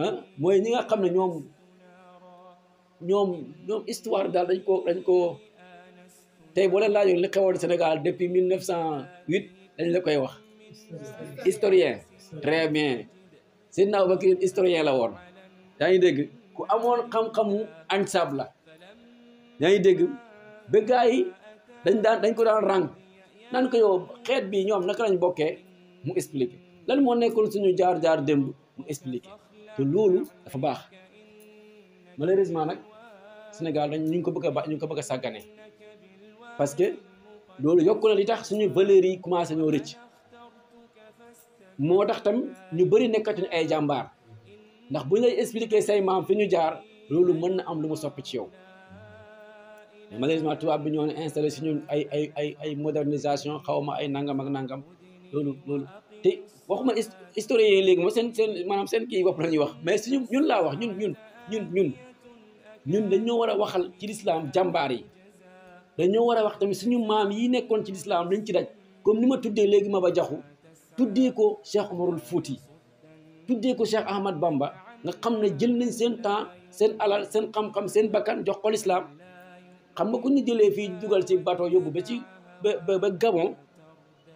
ah mooy ñi nga xam ne ñoom ñoom ñoom histoire daal dañ ko dañ ko tey boo leen laajoon li xewoon Sénégal depuis mille neuf cent huit dañ la koy wax historien très bien Seydina Abubakar historien la woon yaa ngi dégg ku amoon xam-xamu ansab la yaa ngi dégg ba gars yi dañ daan dañ ko daan ràng nan ko xeet bii ñoom naka lañ bokkee mu expliqué lan moo nekkoon suñu jaar-jaar démb mu expliqué te loolu dafa baax malheureusement nag Sénégal dañ ñu ko bëgg a ba ñu ko bëgg a sàgganee parce que loolu yokku na li tax suñu valeurs yi commencé ñoo rëcc moo tax tam ñu bëri nekkatuñu ay jàmbaar ndax bu ñu lay expliqué say maam fi ñu jaar loolu mën na am lu mu soppi ci yow malheureusement tubaab bi ñoo ne installé su ñu ay ay ay ay modernisation xawma ay nangam ak nangam loolu loolu te waxuma historien yi léegi moom seen seen maanaam seen kii bopp la ñuy wax mais suñu ñun laa wax ñun ñun ñun ñun ñun dañoo war a waxal ci lislaam jàmbaar yi dañoo war a wax tamit suñu maam yi nekkoon ci lislaam lañ ci daj comme ni ma tuddee léegi ma ba jaxu tuddee ko Cheikh Umarul fuuti tuddee ko Cheikh Ahmad Bamba nga xam ne jël nañ seen temps seen alal seen xam-xam seen bakkan jox ko lislaam xam nga ku ñu jëlee fii jugal ci bateau yóbbu ba ci ba ba Gabon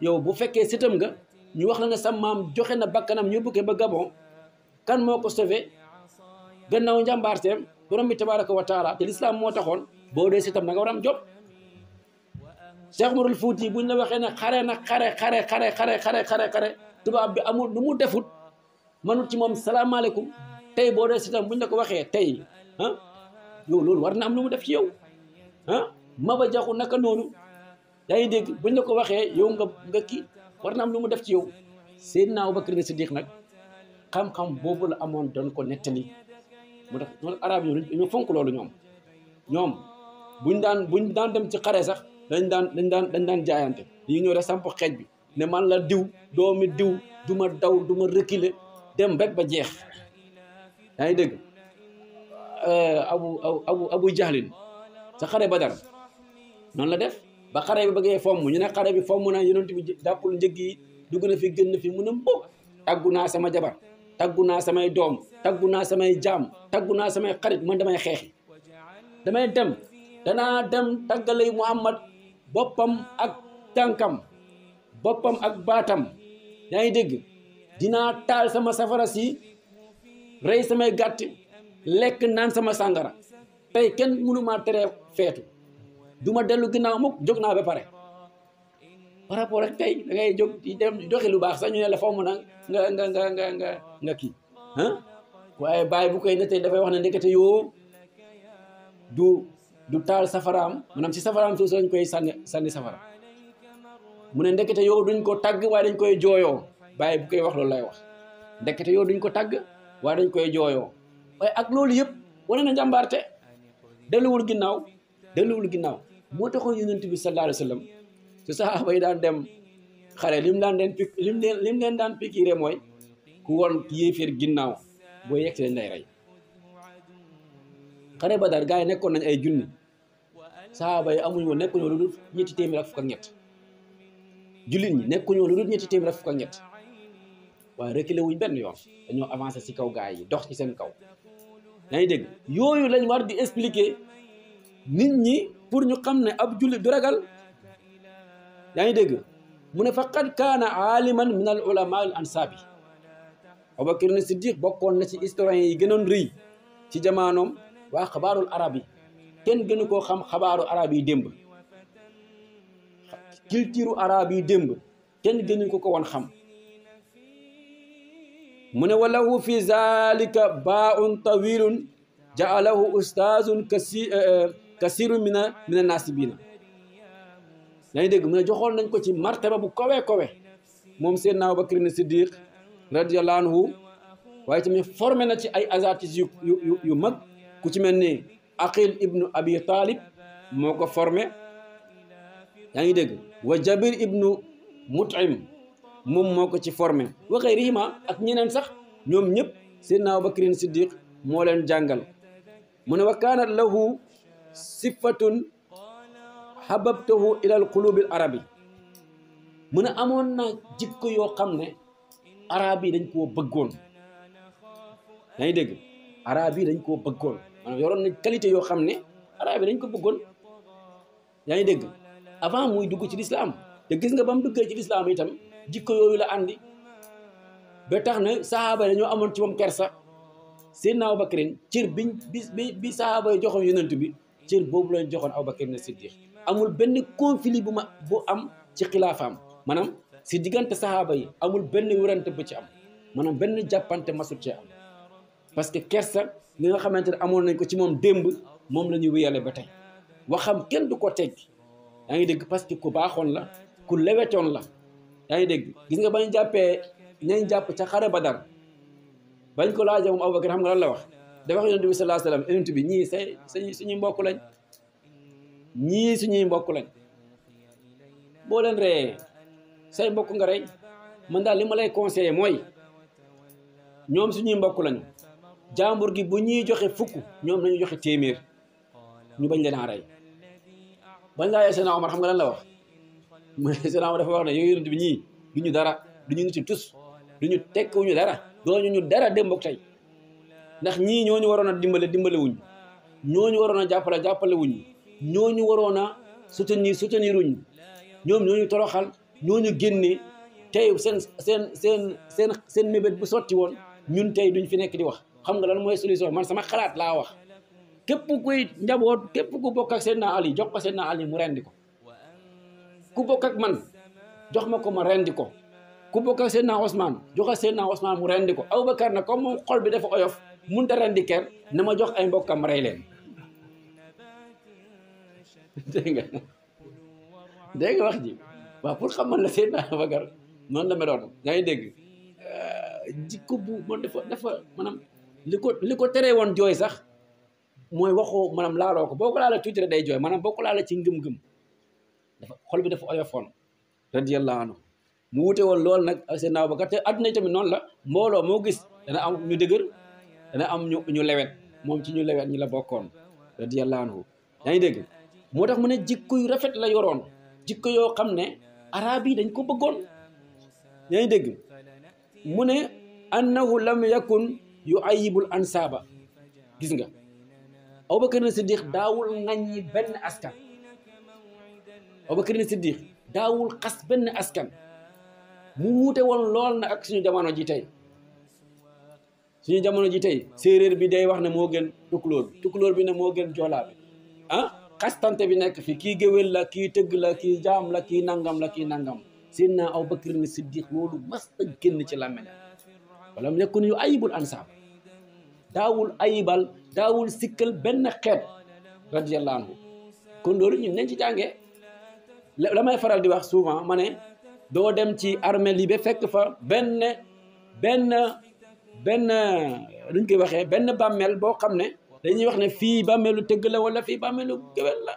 yow bu fekkee sëtam nga ñu wax la nga sa maam joxe na bakkanam ñu bukkee ba Gabon kan moo ko sauvé gannaaw njàmbaarteem borom bi tabaraka wa moo taxoon boo dee tam da nga war am jot Cheikh Umarul Fuuti buñ la waxee ne xare na xare xare xare xare xare xare xare tubaab bi amul lu mu defut manut ci moom salaamaaleykum tey boo dee sëtam buñ la ko waxee tey ah yow loolu war na am lu mu def ci yow ma ba Jaxu naka noonu yaa ngi dégg buñ la ko waxee yow nga nga kii war na am lu mu def ci yow Seydina Abubakar Siddiq nag xam-xam boobu la amoon doon ko nettali mu tax arab yi ñu fonk loolu ñoom ñoom buñ daan buñ daan dem ci xare sax dañ daan dañ daan dañ daan jaayante dañuy ñëw rek samp xeej bi ne man la diw doomi diw duma ma daw du ma reculer dem rek ba jeex yaa ngi dégg abu abu abu jahlin sa xare badar noonu la def ba xare bi bëggee fomm ñu ne xare bi fomm na yonent bi dàppul njëg yi dugg na fi gën na fi mun a mbokk taggu naa sama jabar taggu naa samay doom taggu naa samay jaam taggu naa samay xarit man damay xeexi damay dem danaa dem taggalay Muhammad boppam ak tànkam boppam ak baatam yaa ngi dégg dinaa taal sama safara si rey samay gàtt lekk naan sama sàngara tey kenn mënu maa teree feetu du ma dellu ginnaaw mukk jóg naa ba pare par rapport ak tey da ngay jóg i dem doxi lu baax sax ñu ne la faw mu nag nga nga nga nga nga kii ah waaye bàyyi bu koy nettee dafay wax ne ndekete yoo du du taal safaraam maanaam si safaraam lañ koy sànni sànni safara mu ne ndekete yoo duñ ko tagg waaye dañ koy jooyoo bàyyi bu koy wax loolu lay wax ndekete yoo duñ ko tagg waaye dañ koy jooyoo waaye ak loolu yëpp wane na delluwul ginnaaw delluwul ginnaaw moo taxoon yonent bi sallallahu alayhi wa sallam su sahaaba yi daan dem xare mu daan leen pik lim leen lim leen daan pikiré mooy ku woon yéeféer ginnaaw boo yegg si dañ lay rey xare ba dar gars yi nekkoon nañ ay junni sahaaba yi amuñu woon nekkuñu lu dul ñetti téeméer ak fukk ak ñett jullit ñi nekkuñu lu dul ñetti téeméer ak fukk ak ñett waaye reculé wuñ benn yoon dañoo avancé si kaw gaa yi dox ci seen kaw yaa dégg yooyu lañ war di expliquer nit ñi pour ñu xam ne ab jullit du ragal yaa ngi dégg mu ne faqad kaana aaliman min al ulama al ansaabi Abubakar ne Siddiq bokkoon na ci historiens yi gënoon rëy ci jamaanoom waa xabaarul arab yi kenn gënu koo xam xabaaru arab yi démb culture arab yi démb kenn gënu ko ko woon xam من وله في ذلك باء طويل جعله استاذ كثير آه، آه، من من الناس بينا ناي يعني دغ من جوخول نانكو سي مرتبه بو كوي كوي موم سيدنا ابو بكر الصديق رضي الله عنه واي تامي فورمي نا اي ازات يو يو مك كو سي ملني عقيل ابن ابي طالب موكو فورمي ناي يعني دغ وجبير ابن مطعم moom moo ko ci formé waxee xayrihima ak ñeneen sax ñoom ñëpp seydna abubakrin siddiq moo leen jàngal mu ne wa kaanat lahu sifatun hababtahu ilal qulubil arabi mu ne amoon na jikk yoo xam ne arab yi dañ koo bëggoon yaa dégg arab yi dañ koo bëggoon maanaam yoroon na qualité yoo xam ne arab yi dañ ko bëggoon yaa ngi dégg avant muy dugg ci lislaam te gis nga bam mu duggee ci lislaam itam jikko yooyu la andi ba tax na saxaaba yi dañoo amoon ci moom kersa Seydina Abubakrin cër biñ bi bi bi saxaaba yi joxoon yonent bi cër boobu lañ joxoon Abubakrin na Siddiq amul benn conflit bu ma bu am ci xilaafaam maanaam si diggante saxaaba yi amul benn wérante bu ci am maanaam benn jàppante masut ci am parce que kersa li nga xamante ne amoon nañ ko ci moom démb moom la ñu wéyale ba tey waxam kenn du ko tegg yaa ngi dégg parce que ku baaxoon la ku lewetoon la yaa ngi dégg gis nga bañ jàppee ñañ jàpp ca xare Badar bañ ko laajee moom Abubakar xam nga lan la wax dafa wax yonent bi sallallahu alayhi wasallam yonent bi ñii say suñuy mbokk lañ ñii suñuy mbokk lañ boo leen reyee say mbokk nga rey man daal li ma lay conseillé mooy ñoom suñuy mbokk lañu jàmbur gi bu ñuy joxe fukk ñoom nañu joxe téeméer ñu bañ leen a rey bañ laajee Seydina Omar xam nga lan la wax sëñ dafa wax ne yow yonent bi ñii du ñu dara du ñu nit tus du ñu tekkiwuñu dara dooñu ñu dara démb ak ndax ñii ñooñu waroon a dimbale dimbale wuñ ñooñu waroon a jàppale jàppale wuñ ñooñu waroon a soutenir soutenir wuñ ñoom ñooñu toroxal ñooñu génne tey seen seen seen seen seen mébét bu sotti woon ñun tey duñ fi nekk di wax xam nga lan mooy solution man sama xalaat laa wax képp kuy njaboot képp ku bokk ak Seydina Ali jox ko Seydina Ali mu rendi ko ku bokk ak man jox ma ko ma rendi ko ku bokk ak Seydina Ousmane jox Seydina Ousmane mu rendi ko Aboubacar na comme moom xol bi dafa oyof mun a rendi kenn na ma jox ay mbokkam rey leen dégg nga dégg wax ji pour xam man la Seydina Aboubacar noonu la meloon yaa ngi dégg euh, bu man dafa dafa maanaam li ko li woon jooy sax mooy waxoo maanaam laaloo ko boo ko laa tuuti rek day jooy maanaam boo ko laalee ci ngëm-ngëm dafa xol bi dafa oyofoon radiyallahu anhu mu wute woon loolu nag Seydina Abubakar te adduna tamit noonu la mbooloo moo gis dana am ñu dëgër dana am ñu lewet moom ci ñu lewet ñu la bokkoon radiyallahu anhu yaa ngi dégg moo tax mu ne jikko yu rafet la yoroon jikko yoo xam ne arab yi dañ ko bëggoon yaa ngi dégg mu ne annahu lam yakun yu ayibul ansaaba gis nga Abubakar na Siddiq daawul ŋaññi benn aska Abubakar Siddiq daawul xas benn askan mu wuute woon lool na ak suñu jamono ji tey suñu jamono ji tey séeréer bi day wax ne moo gën tukulóor bi tukulóor bi ne moo gën joolaa bi ah xastante bi nekk fi kii géwél la kii tëgg la ki jaam la kii nangam la kii nangam aw Abubakar Siddiq loolu mas a génn ci làmmeñ wala mu nekk yu ayibul ansaab daawul ayibal daawul sikkal benn xeet radiyallahu anhu kon loolu ñun nañ ci jàngee la may faral di wax souvent ma ne doo dem ci armeel yi ba fekk fa benn benn benn luñ koy waxee benn bàmmeel boo xam ne dañuy wax ne fii bàmmeelu tëgg wala fii bàmmeelu géwél la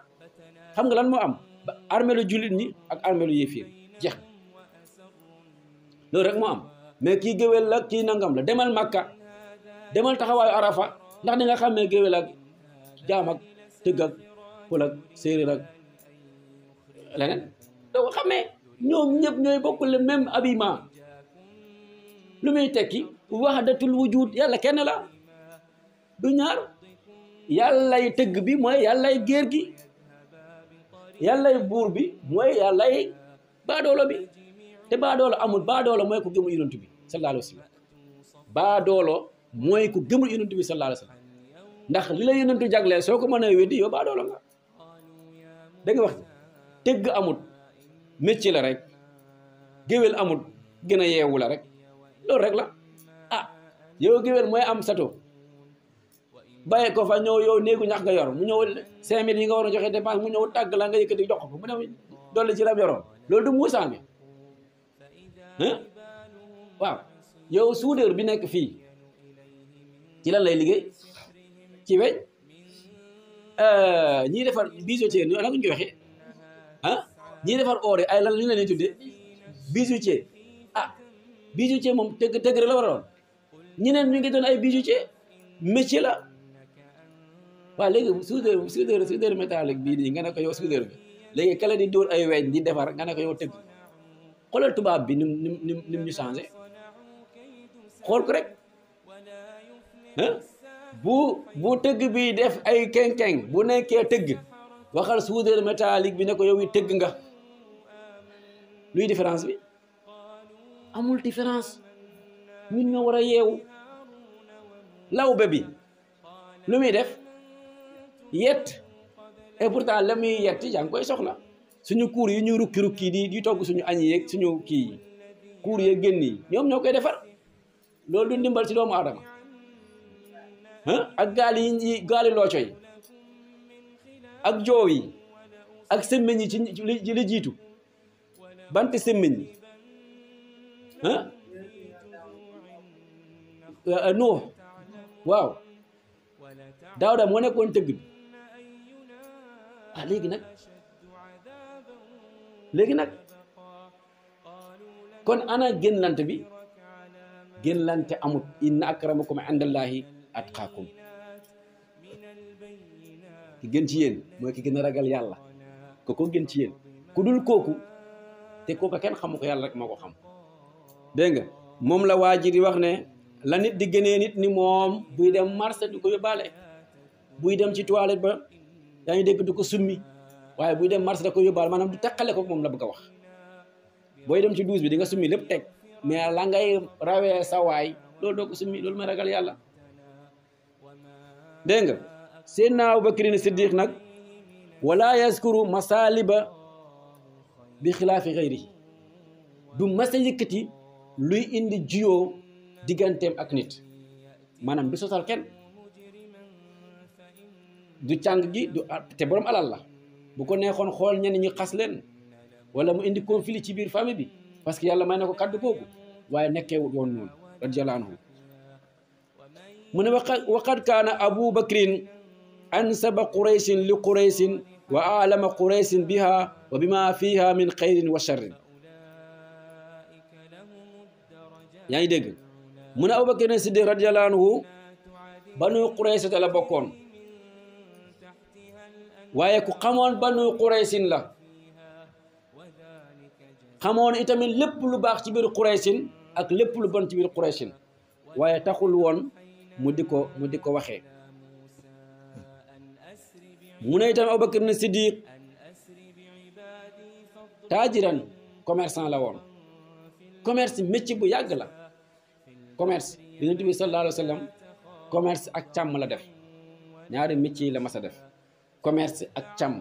nga lan moo am armeelu jullit ñi ak armeelu yéefir jeex loolu rek moo am mais kii géwél la kii nangam la demal Makka demal taxawaayu Arafa ndax di nga xamee géwél ak jaam ak tëgg ak ak séeréer ak leneen doo xamee ñoom ñëpp ñooy bokk le même lu muy tekki wahdatul wujud yàlla kenn la du ñaar yàllay tëgg bi mooy yàllay géer gi yàllay buur bi mooy yàllay baadoolo bi te baadoolo amul baadoolo mooy ku gëmul yonent bi sallallahu alayhi wa sallam baadoolo mooy ku gëmul yonent ndax li la yonentu jagleel soo ko mënee weddi yow baadoolo nga dégg nga wax tëgg amut métier la rek géwél amut gën a yeewu la rek loolu rek la ah yow géwél mooy am sato bàyyi ko fa ñëw yow néegu ñax nga yor mu ñëw cinq yi nga war a joxe dépense mu ñëw tàgg la nga yëkkati jox ko mu ne dolli ci la loolu du muusaange waaw yow soudeur bi nekk fii ci lan lay liggéey ci weñ euh, ñii defar bijoutier ñu la ñu ñi defar or yi ay lan lañ leen di tuddee bijoutier ah bijoutier moom tëgg tëgg rek la war a doon ñeneen ñu ngi doon ay bijoutier métier la waaw léegi soudeur soudeur soudeur métallique bii nii nga ne yow bi léegi kala di dóor ay weñ di defar nga ne ko yow tëgg xoolal tubaab bi nim nim ñu changé xool ko rek ah bu bu tëgg bi def ay keng-keng bu nekkee tëgg waxal soudeur métallique bi ne ko yow yi tëgg nga luy différence bi amul différence ñun ñoo war a yeewu lawbe bi lu muy def yett et pourtant la muy yet yaa ngi koy soxla suñu kuur yi ñuy rukki rukki di di togg suñu añ yeeg suñu kii yi kuur yeeg génn yi ñoom ñoo koy defar loolu du ndimbal ci doomu aadama ak gaal yi gaali looco yi ak joow yi ak semmeñ yi ci li jiitu banti semmiñ ah eh, Nuux waaw Daawda moo nekkoon tëgg bi ah léegi nag léegi nag kon ana génlante bi génlante amut inna akramakum indallahi atqaakum ki gën ci mooy ki gën a ragal yàlla ko ko gën ci ku dul kooku te kooka kenn xamu ko yàlla rek moo ko xam dégg nga moom la waa ji di wax ne la nit di gënee nit ni moom buy dem marché du ko yóbbaale buy dem ci toilette ba yaa dégg du ko summi waaye buy dem marché da ko yóbbaale maanaam du takkale ko moom la bëgg a wax booy dem ci douche bi di nga summi lépp teg mais la ngay rawee sa waay loolu doo ko summi loolu may ragal yàlla dégg nga seen naaw ba Siddiq nag wala yaskuru masaliba bi xilaafi xëyri du mas a yëkkati luy indi jiyoo digganteem ak nit maanaam du sosal kenn du càng gi du te borom alal la bu ko neexoon xool ñenn ñu xas leen wala mu indi conflit ci biir famille bi parce que yàlla may na ko kàddu googu waaye nekkee woon noonu mu ne waqad kaana abu bakrin ansaba quraysin li quraysin وأعلم قريش بها وبما فيها من خير وشر يعني دغ من أبو بكر الصديق رضي الله عنه بنو قريش تلا بكون وياك قمون بنو قريش لا قمون إتمن لب لب أختبر قريش أك لب لب أختبر قريش ويتخلون مدكو مدكو وخير mu ne itam Abubakar ne Siddiq taajiran commerçant la woon commerce métier bu yàgg la commerce yonent bi sallallahu commerce ak càmm la def ñaari métier la mas a def commerce ak càmm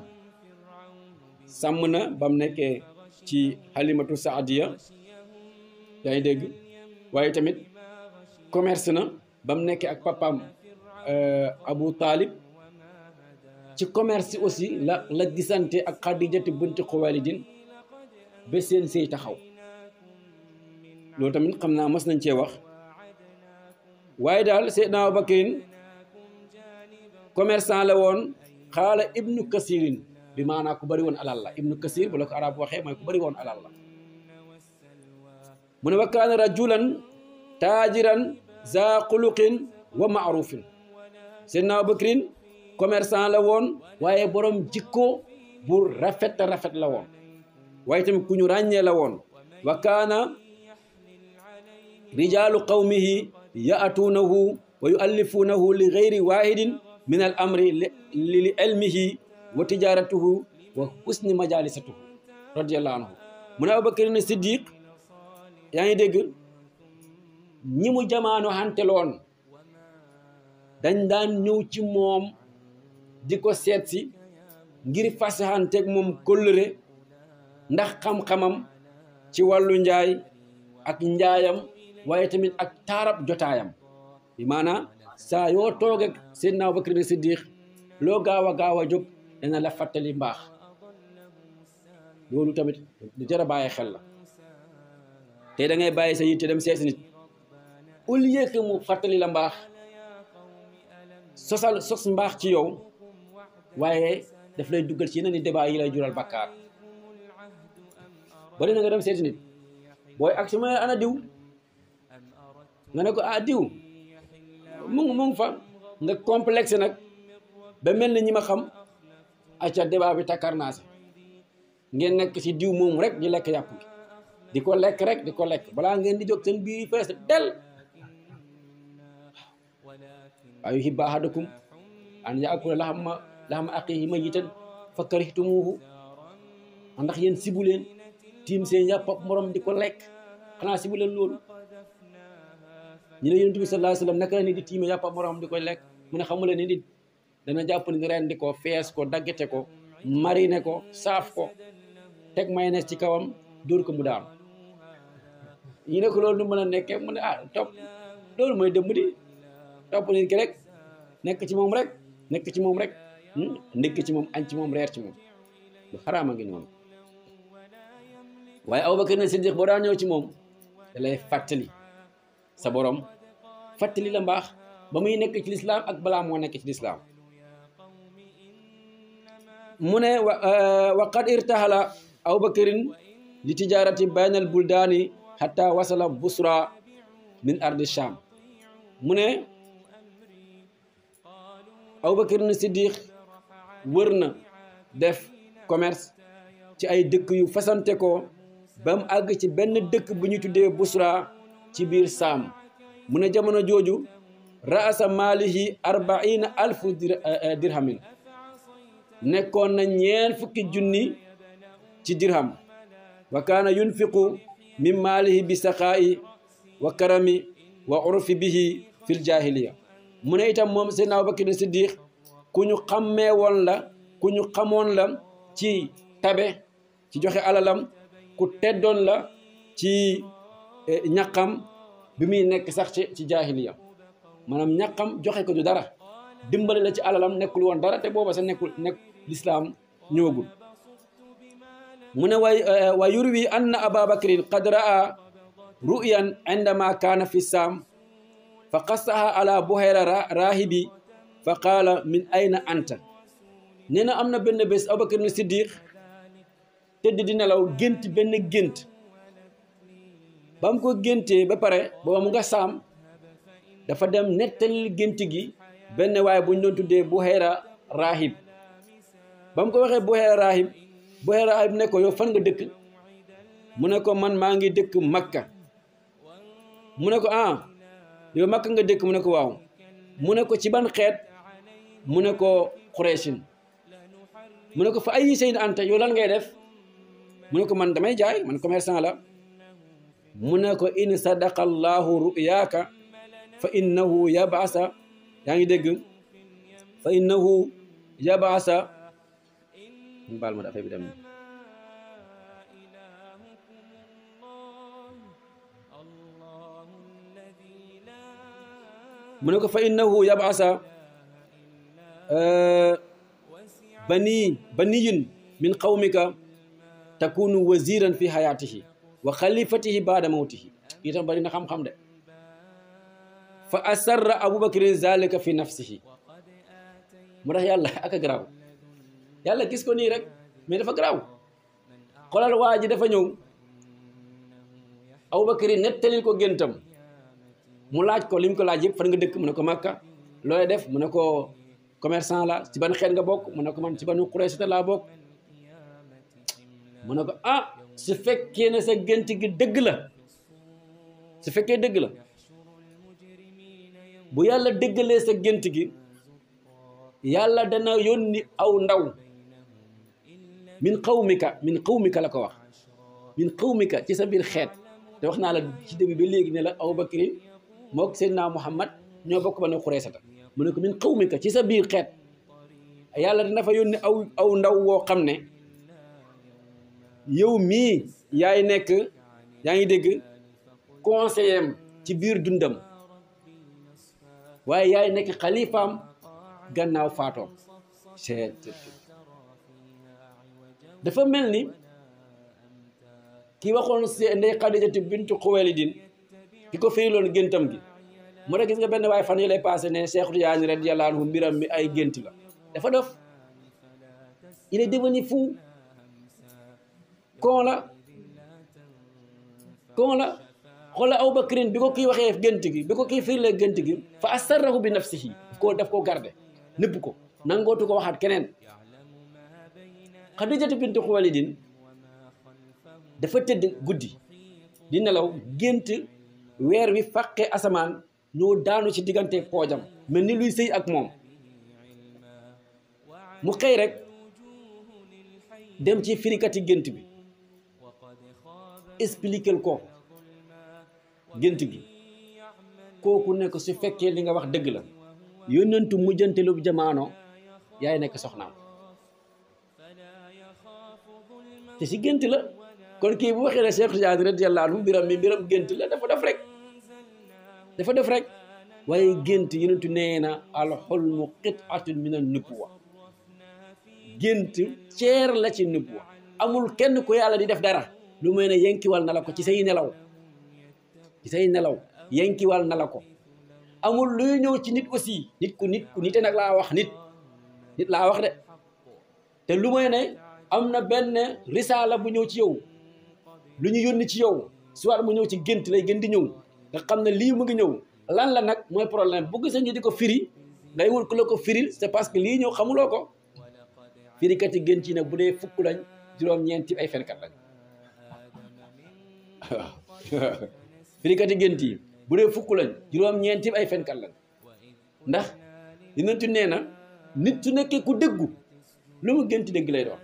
sàmm na ba mu nekkee ci Halimatu Saadiya yaa ngi dégg waaye tamit commerce na ba mu nekkee ak papaam euh, Abu Talib ci commerce aussi la la gisante ak xadijati bunti xuwalidin ba seen sëy taxaw loolu tamit xam naa mës nañ cee wax waaye daal Seydina Abubakrin commerçant la woon xaala ibnu kasirin bi maanaa ku bëri woon alal ibnu kasir bu ko arab waxee mooy ku bëri woon alal la mu ne wa rajulan taajiran za xuluqin wa maarufin Seydina Abubakrin commerçant la won waye borom jikko bu rafet rafet la won waye tam kuñu ragne la won wa kana رجال قومه يأتونه ويؤلفونه لغير واحد من الأمر لعلمه وتجارته amri مجالسته رضي الله عنه من أبو بكر الصديق يعني mu ne abubakar ne siddiq دان ngi dégg ñi mu di ko seet si ngir fasaxanteeg moom kóllëre ndax xam-xamam ci wàllu njaay ak njaayam waaye tamit ak taarab jotaayam bi maanaam saa yoo toogeeg Seydina Abubakar ne Siddiq loo gaaw a gaaw a jóg dana la fàttali mbaax loolu tamit di jar a bàyyi xel la te da ngay bàyyi sa yitte dem seesi nit au lieu que mu fàttali la mbaax sosal sos mbaax ci yow waaye daf lay duggal ci yeneen i débat yi lay jural bakkaar bari na nga dem seeti nit booy ak su ma ana diw nga ne ko ah diw mu ngi fa nga complexe nag ba mel na ñi ma xam acca débat bi takkar naa si ngeen nekk si diw moom rek di lekk yàpp gi di ko lekk rek di ko lekk balaa ngeen di jóg seen biir yi fees del ayuhibbu ahadukum an yaakula lahma ak laxama aqihi mayitan fa karihtumuhu ndax yéen sibu leen tiim seen yàpp morom di ko lekk xanaa sibu leen loolu ñu ne yonent bi sallallahu alayhi wasallam la nit di tiime yàpp morom di koy lekk mu ne xamula ne nit dana jàpp ni rendi ko fees ko daggete ko marine ko saaf ko teg mayonnaise ci kawam dóor ko mu daam ñu ne ko loolu nu mën a nekkee mu ne ah topp loolu mooy dëmm di topp nit ki rek nekk ci moom rek nekk ci moom rek Hmm? ndékk ci moom añ ci moom reer ci moom lu xaraama ngi noonu waaye Abubakar na Siddiq boo daan ñëw ci moom da lay fàttali sa borom fàttali la mbaax ba muy nekk ci lislaam ak balaa moo nekk ci lislaam mu ne wa euh, qad irtahala Abubakarin li tijaarati baynal buldaani hatta wasala busra min ardi mu ne Abubakarin Siddiq wër na def commerce ci ay dëkk yu fasante ko ba mu àgg ci benn dëkk bu ñuy tuddee Busra ci biir Saam mu ne jamono jooju raasa maalihi arbaina alfu eh, eh, dirhamin nekkoon na ñeen fukki junni ci dirham wa kaana yunfiqu maalihi bi saqaa'i wa karami wa urfi bihi fil jahiliya mu ne itam moom Seydina Abubakar Siddiq ku ñu xàmmee woon la ku ñu xamoon la ci tabe ci joxe alalam ku teddoon la ci e, ñaqam bi muy nekk sax ci ci jaahiliya maanaam ñaqam joxe ko du dara dimbali la ci alalam nekkul woon dara te booba sa nekkul nekk lislaam ñëwagul mu ne wa e, yurwi anna aba bakrin raa ru'yan indama kaana fi saam fa qasaha ala buhayra rahibi fa qaala min na anta nee na am na benn bés Abubakar ne Siddiq tëdd di nelaw gént benn gént ba mu ko géntee ba pare booba mu nga saam dafa dem nettalil gént gi benn waaye bu ñu doon tuddee Buhayra Rahib ba mu ko waxee Buhayra Rahib Buhayra Rahib ne ko yow fan nga dëkk mu ne ko man maa ngi dëkk Makka mu ne ko ah yow Makka nga dëkk mu ne ko waaw mu ne ko ci ban xeet mu ne ko Xuraysin mu ne ko fa ay sëy anta yow ngay def mu ko man damay jaay man commerçant la mu ne ko in sadaqa allahu ruyaaka fa innahu yabasa yaa ngi dégg fa innahu yabasa ñu baal ko fa innahu yabasa bani baniyun min qawmika takunu waziran fi hayatihi wa xalifatihi baada mawtihi itam bari na xam-xam de fa asarra abubakrin zalika fi nafsihi mu tax yàlla ak a yàlla gis ko nii rek mais dafa garaaw xoolal waa dafa ñëw abubakrin nettalil ko géntam mu laaj ko lim ko laaj yëpp fan nga dëkk mu ne ko màkka looy def mu ne ko commerçant la ci ban xeet nga bokk mun ne ko man ci banu Qurayshata laa bokk mu ne ko ah su fekkee ne sa gént gi dëgg la su fekkee dëgg la bu yàlla dëggalee sa gént gi yàlla dana yónni aw ndaw min qawmika min qawmika la ko wax min qawmika ci sa biir xeet te wax naa la ci début bi léegi ne la aw Abubakar mook Seydina Muhammad ñoo bokk banu Qurayshata mu ne ko min ka ci sa biir xeet yàlla dina fa yónni aw aw ndaw woo xam ne yow mii yaay nekk yaa ngi dégg conseiller am ci biir dundam waaye yaay nekk xalifaam gannaaw faatoom dafa mel ni ki waxoon ndey Xadijatu bintu Xuwaylid ki ko firiloon géntam gi mu ne gis nga benn waay fan yi lay passé ne Cheikh Tidiane radiyallahu anhu mbiram mi ay gént la dafa dof il est devenu fou la kon la xoola aw bakrin bi ko kii waxee gént gi bi ko kii firlee gént gi fa asarrahu bi nafsihi koo daf ko garde nëbb ko nangootu ko waxaat keneen Xadijatu bintu Xuwaylid dafa tëdd guddi di nelaw gént weer wi fàqee asamaan ñoo daanu ci diggante poojam mel ni luy séy ak moom mu xëy rek dem ci firikati gént bi expliquer ko gént gi kooku nekk su fekkee li nga wax dëgg la yónnentu mujjantelu jamaano yaay nekk soxnaam te si gént la kon kii bu waxee ne Cheikh Tidiane radiyallahu anhu mbiram mi mbiram gént la dafa def rek dafa def rek waaye gént yenentu nee na alxulmu qit'atun na an nubuwa gént ceer la ci nubuwa amul kenn ku yàlla di def dara lu may ne yenkiwal na la ko ci say nelaw ci say nelaw yenkiwal na la ko amul luy ñëw ci nit aussi nit ku nit ku nite nag laa wax nit nit laa wax de te lu may ne am na benn risaala bu ñëw ci yow lu ñu yónni ci yow soit mu ñëw ci gént lay gën di ñëw nga xam na lii mu ngi ñëw lan la nag mooy problème bu gisee ñu di ko firi ngay wut ku la ko firil c'est parce que lii ñëw xamuloo ko firikat yi gën ci nag bu dee fukk lañ juróom-ñeenti ay fenkat lañ firikat yi gën ci bu dee fukk lañ juróom ay fenkat lañ ndax dina yonentu nee na nit su nekkee ku dëggu lu mu gën ci dëgg lay doon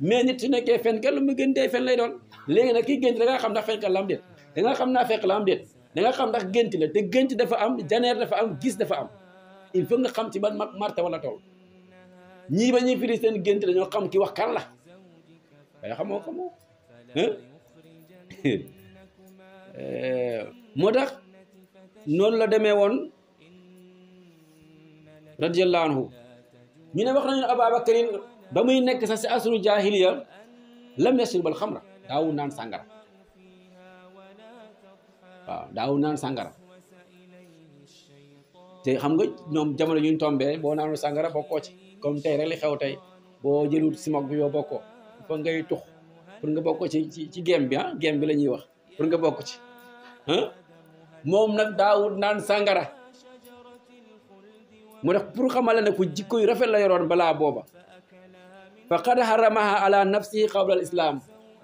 mais nit su nekkee fenkat lu mu gën dee fen lay doon léegi nag kii gën ci xam ndax fenkat la am déet da xam naa fekk la am déet da nga xam ndax gént la te gént dafa am janeer dafa am gis dafa am il faut nga xam ci ban marta wala tool ñii ba ñuy firi seen gént dañoo xam ki wax kan la waaye xamoo eh, moo tax noonu la demee woon radiyallahu anhu ñu ne wax nañu Ababakarin ba muy nekk sax si asru jahiliya lam yashrib al xamra daawu naan sàngara waaw daaw naan sàngara te xam nga ñoom jamono yuñ tombee boo naanu sàngara bokkoo ci kom tey rek li xew tey boo jëlut simok bi yoo bokkoo fa ngay tux pour nga bokk ci ci ci bi ah gem bi la ñuy wax pour nga bokk ci moom nag daawut naan sàngara mu def pour xamale ne ku jikko yu rafet la yoroon balaa booba fa qad haramaha ala nafsihi qabla islam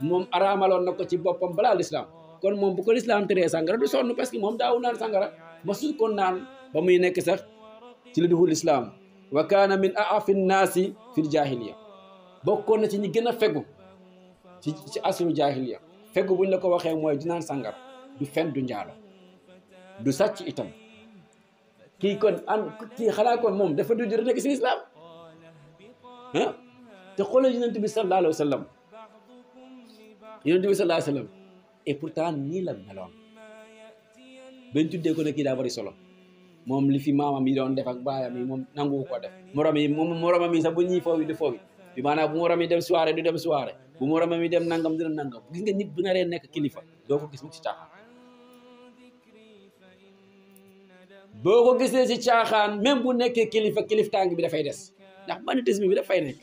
moom araamaloon na ko ci boppam balaa al islam kon moom bu ko lislaam teree sàngara du sonn parce que moom daawu naan sàngara masul ko naan ba muy nekk sax ci li duhu lislaam wa kaana min aafi nnaasi fil jaahiliya bokkoon na ci ñi gën a fegu ci ci asru jaahiliya fegu buñ la ko waxee mooy du naan sàngara du fen du njaalo du sàcc itam kii kon an kii xalaa kon moom dafa du jur nekk si lislaam ah te xoolal yonent bi sallallahu alayhi wa sallam yonent bi sallallahu alayhi wa pour pourtant nii la meloon bañ tuddee ko ne kii daa bari solo moom li fi maamam yi doon def ak baayam yi moom nangu ko def moromam yi sax bu ñuy foofu du foofu bi maanaam bu morom yi dem soirée du dem soirée bu moromam yi nangam gis nga nit bu naree nekk kilifa doo ko gis mu ci caaxaan boo ko gisee ci caaxaan même bu nekkee kilifa kiliftaang bi dafay des ndax banditisme bi dafay nekk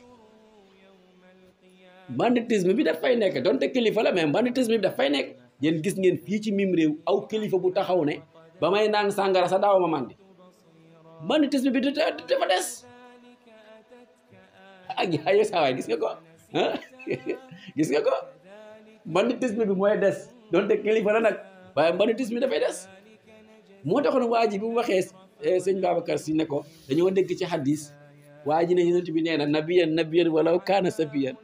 banditisme bi daf fay nekk donte kilifa la mais banditisme bi daf fay nekk yéen gis ngeen fii ci mim réew aw kilifa bu taxaw ne ba may naan sàngara sa daaw ma màndi banditisme bi dafa des ak ayo saawaay gis nga ko ah gis nga ko banditisme bi mooy des donte kilifa la nag waaye banditisme bi dafay des moo taxoon waa ji bi mu waxee eh, sëñ Babacar si ne ko dañoo dégg ci hadis waa ji ne yonent bi nee na nabiyan nabiyan walaw kaana safiyan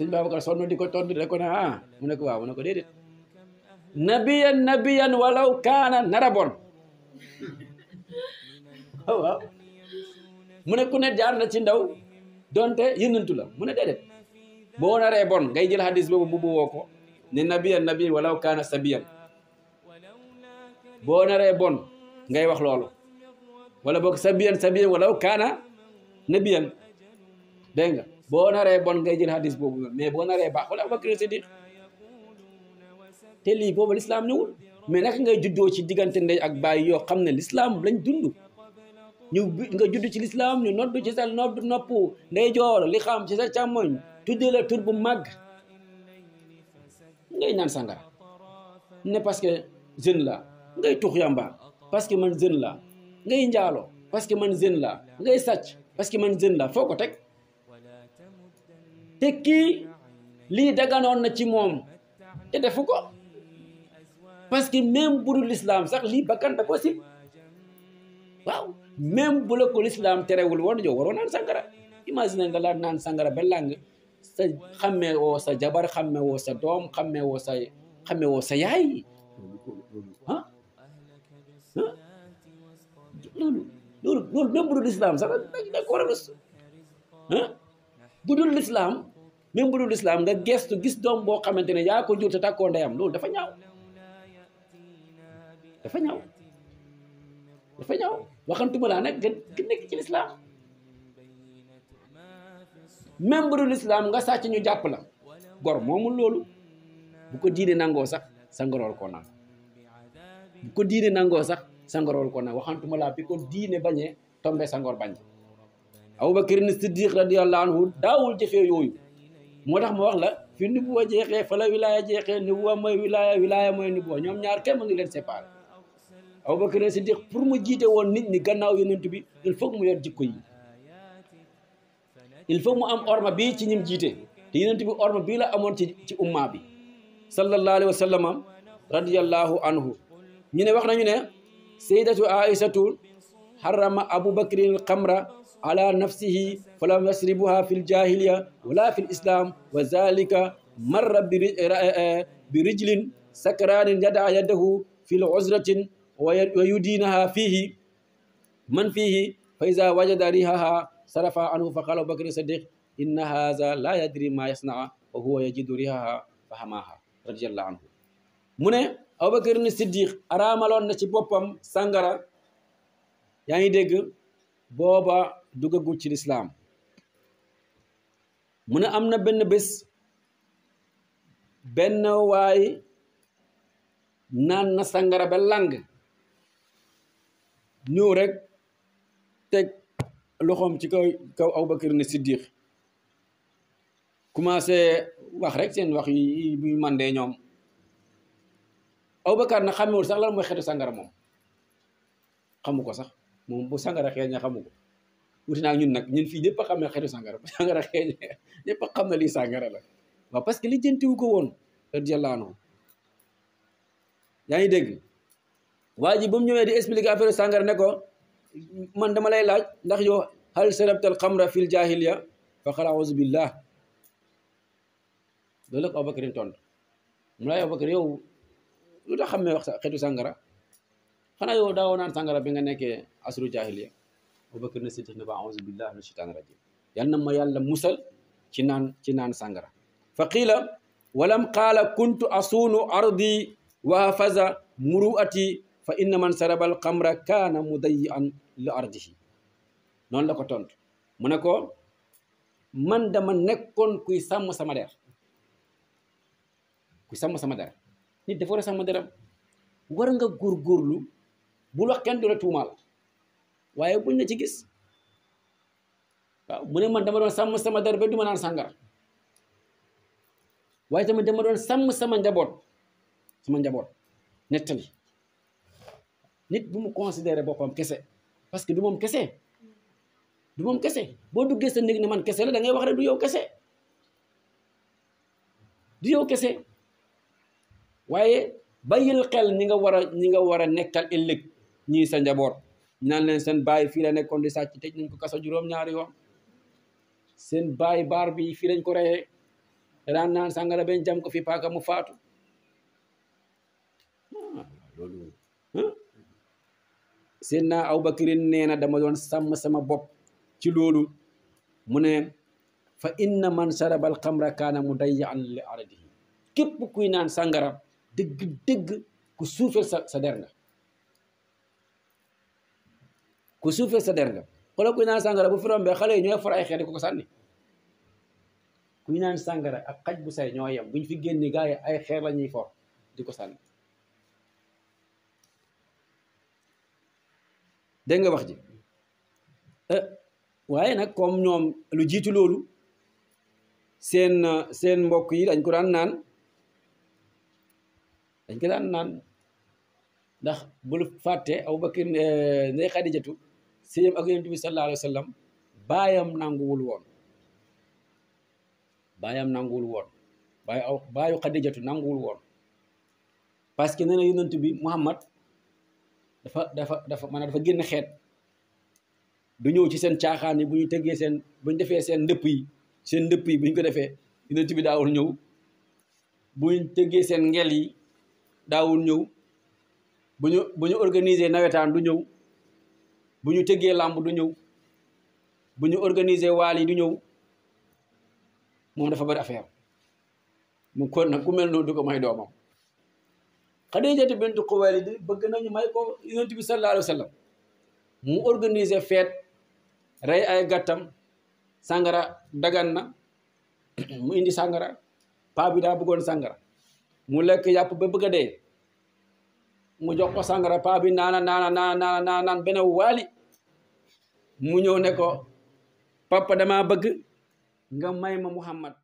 sëñ Babacar sonn di ko tontu di ko ne ah mu ne ko waaw mu ko déedéet nabiyan nabiyan walaw kaana nara bon oh, mu ne ku ne jaar na ci ndaw donte yënantu la mu ne déedéet boo naree bon ngay jël hadis boobu bu bu ko ne nabiyan nabiyan walaw kaana sabiyan boo naree bon ngay wax loolu wala boog sabiyan sabiyan walaw kaana nabiyan dégg nga boo naree bon ngay jël hadis boobu mais boo naree baax wala Abubakar Siddiq te lii boobu lislaam ñëwul ngay juddoo ci diggante ndey ak baay yoo xam ne lislaam lañ dund ñu nga judd ci lislaam ñu noddu ci sa nopp nopp ndeyjoor li xam ci sa càmmoñ tuddee la tur bu màgg ngay naan sangara ne parce que jeune la ngay tux yamba parce que man jeune la ngay njaalo parce que man jeune la ngay sàcc parce que man jeune la foo ko teg te kii lii daganoon na ci moom te defu ko parce que même bu dul lislaam sax lii bakkan ko si waaw même bu la ko lislaam terewul woon yow waroo naan sangara imagine nga la naan sangara ba làng sa xammee woo sa jabar xammee woo sa doom xammee woo sa xammee yaay ah loolu loolu loolu bu dul lislaam sax da ko war a rus bu dul lislaam même budul islam nga gestu gis dom boh xamantene ya ko jur takko tàkkoo ndeyam loolu dafa ñaaw dafa ñaaw dafa ñaaw waxantuma laa nak gën nek ci même budul islam nga sah ñu japp la gor buku lolou bu ko diine nango sax sa ngorol ko naan bu ko diine nango sax sa ngorol ko naan waxantuma laa bi ko diine bañe tombe sa ngor bañ Abu Bakar siddiq radhiyallahu anhu daawul jëfee yoyu moo tax ma wax la fi nubuwa jeexee fa la wilaaya jeexee nubuwa mooy wilaaya wilaaya mooy nubuwa ñoom ñaar kenn mënu leen séparé Abubakar Siddiq pour mu jiite woon nit ñi gannaaw yonent bi il faut mu yor jikko yi il faut mu am orma bi ci ñim jiite te yonent bi orma bii la amoon ci ci umma bi sallallahu alayhi wa sallam radiyallahu anhu ñu ne wax nañu ne sayyidatu aïsatu harrama abubakrin xamra على نفسه فلم يشربها في الجاهلية ولا في الإسلام وذلك مر آه، آه، برجل سكران يدع يده في العزرة ويدينها فيه من فيه فإذا وجد ريحها صرف عنه فقال بكر الصديق إن هذا لا يدري ما يصنع وهو يجد ريحها فهماها رضي الله عنه من أبو بكر الصديق Siddiq araamaloon na ci boppam sàngara yaa ngi duggagul ci l'islam Muna amna ben bis benn bés benn waay naan na sangara ba lang ñëw rek teg loxom ci kaw kaw Abubakar ne Siddiq commencé wax rek seen wax yi buy mandee ñoom Abubakar na xamewul sax lan mooy xeetu sangara moom xamu sax moom bu sangara xeeñ xamu wuti naa ñun nag ñun fii ñëpp xam ne xeetu sàngara sàngara xeeñ ñëpp a xam na lii sàngara la waaw parce que li jëntiwu ko woon radiyallahu anhu yaa ngi dégg waa ji ba mu ñëwee di expliquer affaire sàngara ne ko man dama lay laaj ndax yow hal sarabtal xamra fil jahiliya fa qala auzu billah loolu la ko mu laay Abubakar yow lu tax xam ne wax xeetu sàngara xanaa yow daawoo naan sàngara bi nga nekkee asru jahiliya Abubakar na Siddiq ne ba auzu billahi mina shaytaani rajim yal na ma yàlla musal ci naan ci naan sàngara fa qiila walam qaala kuntu asuunu ardi wa hafaza muru'ati fa inna man sarabal xamra kaana mudayyi'an li ardihi noonu la ko tontu mu ne ko man dama nekkoon kuy sàmm sama der kuy sàmm sama der nit dafa war a nga góorgóorlu bu la kenn du tuumaal waaye buñ la ci gis waaw mu ne man dama doon sàmm sama der ba du ma naan waaye dama doon sàmm sama njaboot sama njaboot nettali nit bu mu considéré boppam kese parce que du moom kese du moom kese boo duggee sa néeg ne man kese la da wax rek du yow kese du yow kese waaye bàyyil xel ni nga war a ñi nga war a nekkal ëllëg ñii sa njaboot naan leen seen baay fii la nekkoon di sàcc tëj nañ ko kaso juróom-ñaari yoon seen baay baar bi fii lañ ko reyee daan naan sàngara ben jam ko fi paaka mu faatu ah, loolu seen naa Aboubakirin nee na dama doon sàmm sama bopp ci loolu mu ne fa inna man sharaba al xamra kaana mudayyan li ardihi képp kuy naan sàngara dëgg-dëgg ku suufel sa sa ku suufee sa der nga xoolal kuy naan sàngara bu fi xale yi ñooy for ay xeer di ko ko sànni naan sàngara ak xaj bu say ñoo yem buñ fi génni gars yi ay xeer la ñuy for di ko sànni dégg nga wax ji eh, waaye nag comme ñoom lu jiitu loolu seen seen mbokk yi dañ ko daan naan dañ ko daan naan ndax bul fàtte Abubakar eh, Ndey Xadijatu sëñam ak yonent bi sallallahu alayhi wa sallam baayam nanguwul woon baayam nanguwul woon baayu aw baayu xadijatu nanguwul woon parce que nee na yonent bi Muhammad dafa dafa dafa maanaam dafa génn xeet du ñëw ci seen caaxaan yi bu ñu tëggee seen bu ñu defee seen ndëpp yi seen ndëpp yi bu ñu ko defee yonent bi daawul ñëw bu ñu tëggee seen ngel yi daawul ñëw bu organiser nawetaan du ñëw bu ñu tëggee làmb du ñëw bu ñu organiser waal yi du ñëw moom dafa bari affaire mu kon nag ku mel noonu du ko may doomam Xadijatu bintu Xuwaylid bëgg nañu may ko yonent bi sallallahu alayhi mu organiser fête rey ay gàttam sàngara dagan na mu indi sàngara paa bi daa bëggoon sàngara mu lekk yàpp ba bëgg a dee mu jox ko sangara paa bi naana naana naana naana naan benn waali mu ñëw ne ko papa dama bëgg nga may ma Muhammad